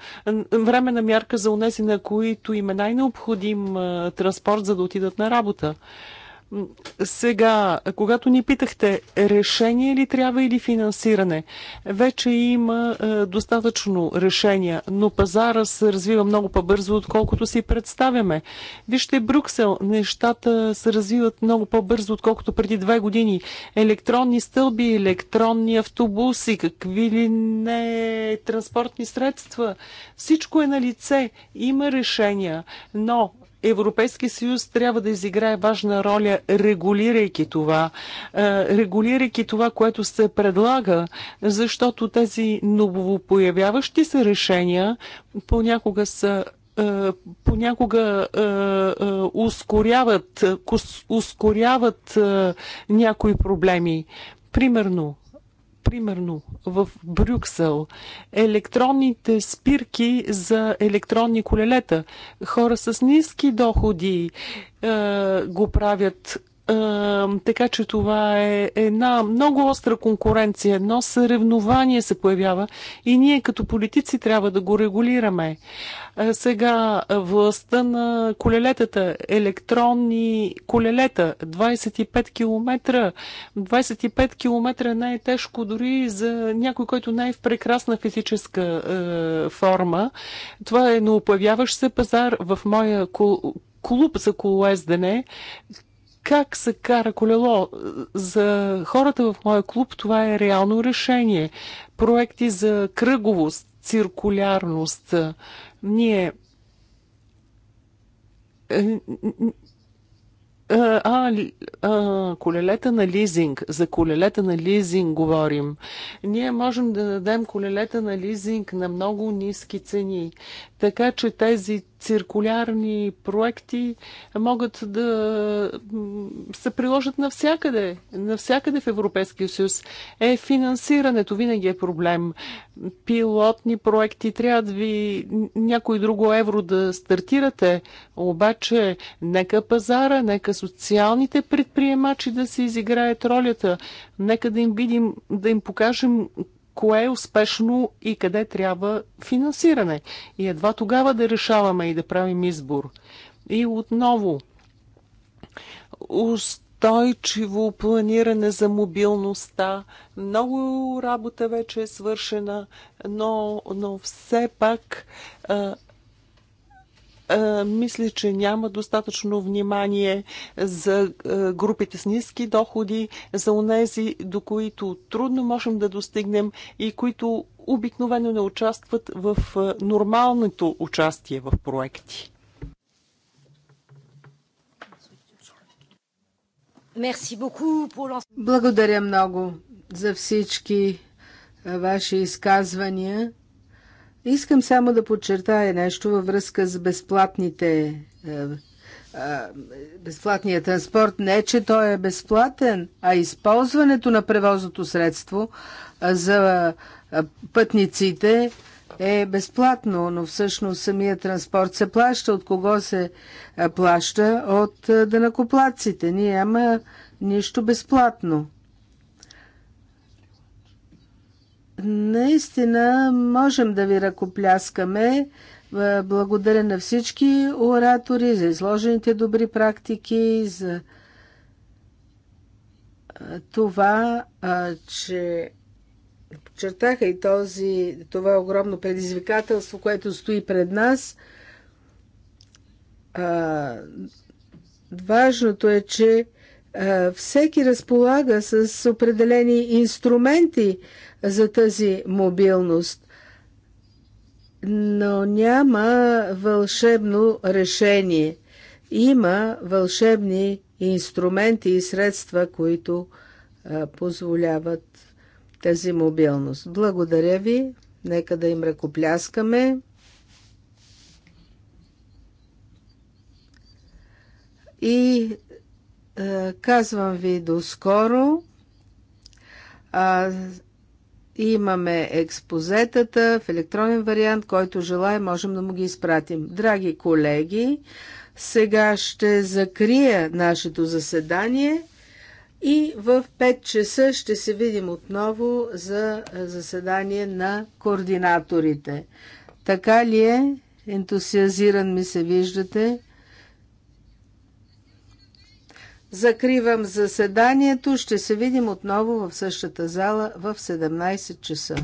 S4: временна мярка за унези, на които им е най-необходим транспорт, за да отидат на работа. Сега, когато ни питахте решение ли трябва или финансиране, вече има е, достатъчно решения, но пазара се развива много по-бързо, отколкото си представяме. Вижте Брюксел, нещата се развиват много по-бързо, отколкото преди две години. Електронни стълби, електронни автобуси, какви ли не транспортни средства. Всичко е на лице. Има решения, но Европейски съюз трябва да изиграе важна роля, регулирайки това, регулирайки това, което се предлага, защото тези новопоявяващи се решения понякога са понякога е, е, ускоряват, ускоряват е, някои проблеми. Примерно, Примерно в Брюксел електронните спирки за електронни колелета. Хора с ниски доходи е, го правят така че това е една много остра конкуренция, едно съревнование се появява и ние като политици трябва да го регулираме. сега властта на колелетата, електронни колелета, 25 км. 25 км не е тежко дори за някой, който не е в прекрасна физическа е, форма. Това е новопоявяващ се пазар в моя клуб за колоездене как се кара колело. За хората в моя клуб това е реално решение. Проекти за кръговост, циркулярност. Ние е, а, а, колелета на лизинг. За колелета на лизинг говорим. Ние можем да дадем колелета на лизинг на много ниски цени. Така че тези циркулярни проекти могат да се приложат навсякъде, навсякъде в Европейския съюз. Е, финансирането винаги е проблем. Пилотни проекти трябва да ви някой друго евро да стартирате, обаче нека пазара, нека социалните предприемачи да се изиграят ролята, нека да им видим, да им покажем кое е успешно и къде трябва финансиране. И едва тогава да решаваме и да правим избор. И отново, устойчиво планиране за мобилността. Много работа вече е свършена, но, но все пак а, е, мисля, че няма достатъчно внимание за е, групите с ниски доходи, за онези, до които трудно можем да достигнем и които обикновено не участват в е, нормалното участие в проекти.
S2: Благодаря много за всички ваши изказвания. Искам само да подчертая нещо във връзка с безплатните е, е, безплатния транспорт. Не, че той е безплатен, а използването на превозното средство е, за пътниците е безплатно, но всъщност самия транспорт се плаща. От кого се плаща? От дънакоплаците. Ние няма нищо безплатно. Наистина можем да ви ръкопляскаме. Е, благодаря на всички оратори за изложените добри практики, за е, това, е, че подчертаха и този, това огромно предизвикателство, което стои пред нас. важното е, че всеки разполага с определени инструменти, за тази мобилност. Но няма вълшебно решение. Има вълшебни инструменти и средства, които а, позволяват тази мобилност. Благодаря ви. Нека да им ръкопляскаме. И а, казвам ви до скоро. А, Имаме експозетата в електронен вариант, който желая, можем да му ги изпратим. Драги колеги, сега ще закрия нашето заседание и в 5 часа ще се видим отново за заседание на координаторите. Така ли е? Ентусиазиран ми се виждате. Закривам заседанието. Ще се видим отново в същата зала в 17 часа.